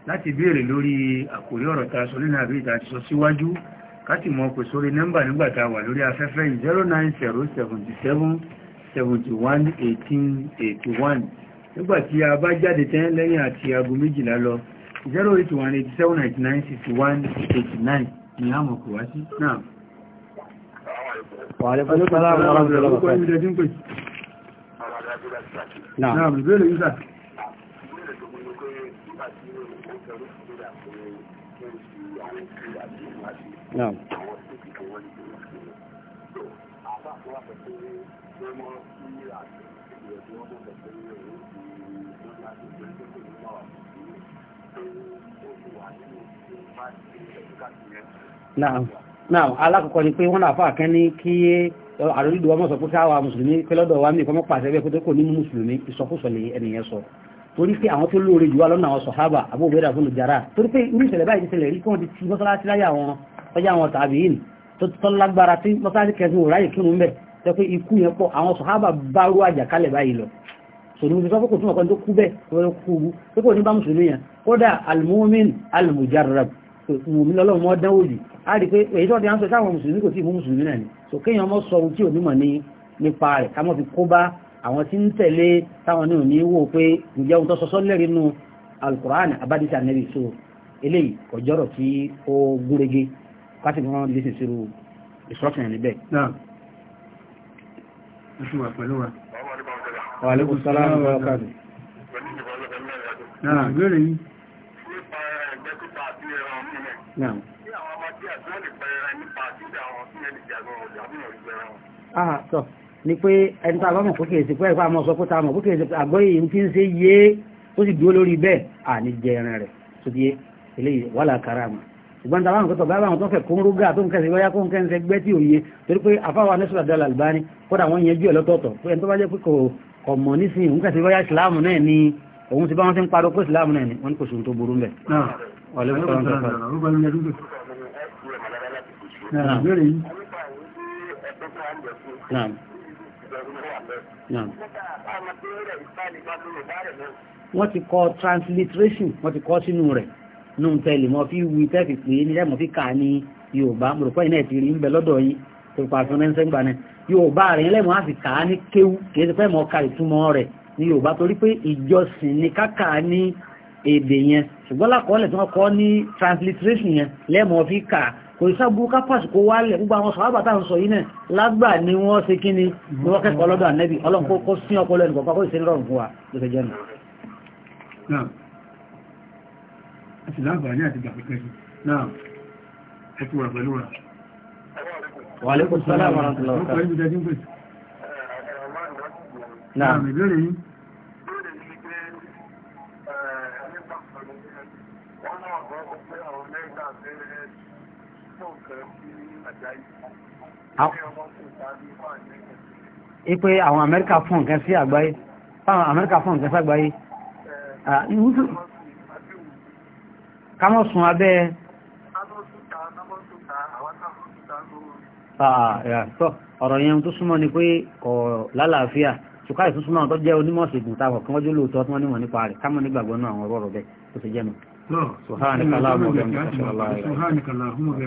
láti béèrè lórí àkòrí ọ̀rọ̀ ta sọ nínú àbí ìta ti sọ síwájú káti mọ̀ pè sórí nọ́mbà nígbàtà wà lórí afẹ́fẹ́ 09077711881 nígbàtí a bá jáde tẹ́ lẹ́yìn àti aago méjìlá lọ 08187996189 ni a mọ̀ kò wá sí náà Wàhálẹ́fẹ́ Naam. Naam. Naam, alákọ̀ọ́kọ́ ni pé wọ́n náà fàákẹ́ ní kí àròlùdó ọmọ sọ pé káwà mùsùlùmí pẹ́lọ́dọ̀ wa ní ìkọmọ́pàá àṣẹ́bẹ́ kó tó kò ní mùsùlùmí ìsọkúsọ lè ẹnìyẹn sọ torí pé àwọn tó lóore jù wá lọ́nà àwọn sọ̀hábà abúgbéra fún ìjára torí pé ní ìṣẹ̀lẹ̀ báyìí ìṣẹ̀lẹ̀ rí kí wọ́n ti ti mọ́sálásí láyé àwọn ọjà àwọn tàbí yìí tó tọ́ lágbára tí mọ́sálásí kẹsùn òráyè kírun bẹ̀ tẹ́ pé ikú yẹn pọ̀ àwọn sọ̀hábà bá rú àjàkálẹ̀ báyìí lọ sòdùnmù ti sọ fún kò túnmọ̀ kan tó kú bẹ́ẹ̀ tó kú tó so kéèyàn mọ́ sọ ohun tí ò àwọn tí ń tẹ̀lé táwọn ní òní wò pé ǹjẹ́ ohun tó sọsọ́ lẹ́rìí alukur'an abadisa nẹ́bí so eléyìí ọjọ́rọ̀ tí ó gúnrégé káti wọn lè ṣe ṣírò instruction yẹn níbẹ̀. Wa alaikum salaam wa barakatuh. Náà, gbére yìí ni pé ẹni tó àbámọ̀ kó kèèsì pé ẹ̀fà àmọ́ sọ pé tààmọ̀ kó kèèsì àgbọ́ èyí tí ń ṣe yé ó sì dúró lórí bẹ́ẹ̀ àní jẹ ẹran rẹ̀ tó di eléyìí wà lákàrà àmọ́ ṣùgbọ́n tàbá nǹkan tó bá àwọn tó fẹ́ kó ń rúgà tó ń kẹsì wáyá kó ń kẹsì gbẹ́ tí òye torí pé àfáwà nẹ́sùlá dọ́là Albani kódà wọ́n yẹn jù ẹ̀ lọ́tọ̀ọ̀tọ̀ pé ẹni tó bá jẹ́ pé kò mọ̀ nísìnyí òun wọ́n ti kọ transliteration wọ́n ti kọ sínú rẹ̀ nù tẹ́lẹ̀ mọ́ fi wí tẹ́fì pé ní ẹ̀mọ́ fi kà ní yorùbá mọ̀rọ̀pọ̀ iná ẹ̀tì rí ń bẹ lọ́dọ̀ yìí tó pa fún ẹnsẹ́ gbà náà yorùbá rẹ̀ lẹ́mọ̀ á fi kà á ní kéwú kìí ti fẹ́ mọ́ ka ìtumọ̀ rẹ̀ ní yorùbá torí pé ìjọsìn ni káka ní èdè yẹn ṣùgbọ́n lákọọ́lẹ̀ tí wọ́n kọ́ ní transliteration yẹn lẹ́mọ̀ fi kà kò ìsáàbù kápàsì kó wálẹ̀ gbogbo àwọn sọ̀hábà tàà ń sọ yìí náà lágbà ni wọ́n ṣe kí ni ni wọ́n kẹ́kọ̀ọ́ lọ́dọ̀ ànẹ́bì ọlọ́nkó sí ọpọlọ ẹnì kọ̀ọ̀kan kó ìṣe rọrùn fún wa ló fẹ́ jẹ́ nù. Wàlékún sálàmù àwọn ọ̀tọ̀lọ́wọ́. ipe àwọn amẹ́ríkà fún nǹkan sí àgbáyé fáwọn amẹ́ríkà fún nǹkan sí àgbáyé kámọ́ sun abẹ́ ọ̀rọ̀ yẹn tó súnmọ́ ni pé kọ̀ lálàáfíà ṣùkáì tó súnmọ́ tó jẹ́ onímọ̀ ṣègùn tàbọ̀ kí wọ́n jẹ́ lóòótọ́ tí wọ́n nímọ̀ nípa rẹ̀ kámọ́ nígbàgbọ́ náà àwọn ọ̀rọ̀ rẹ̀ tó ti jẹ́nu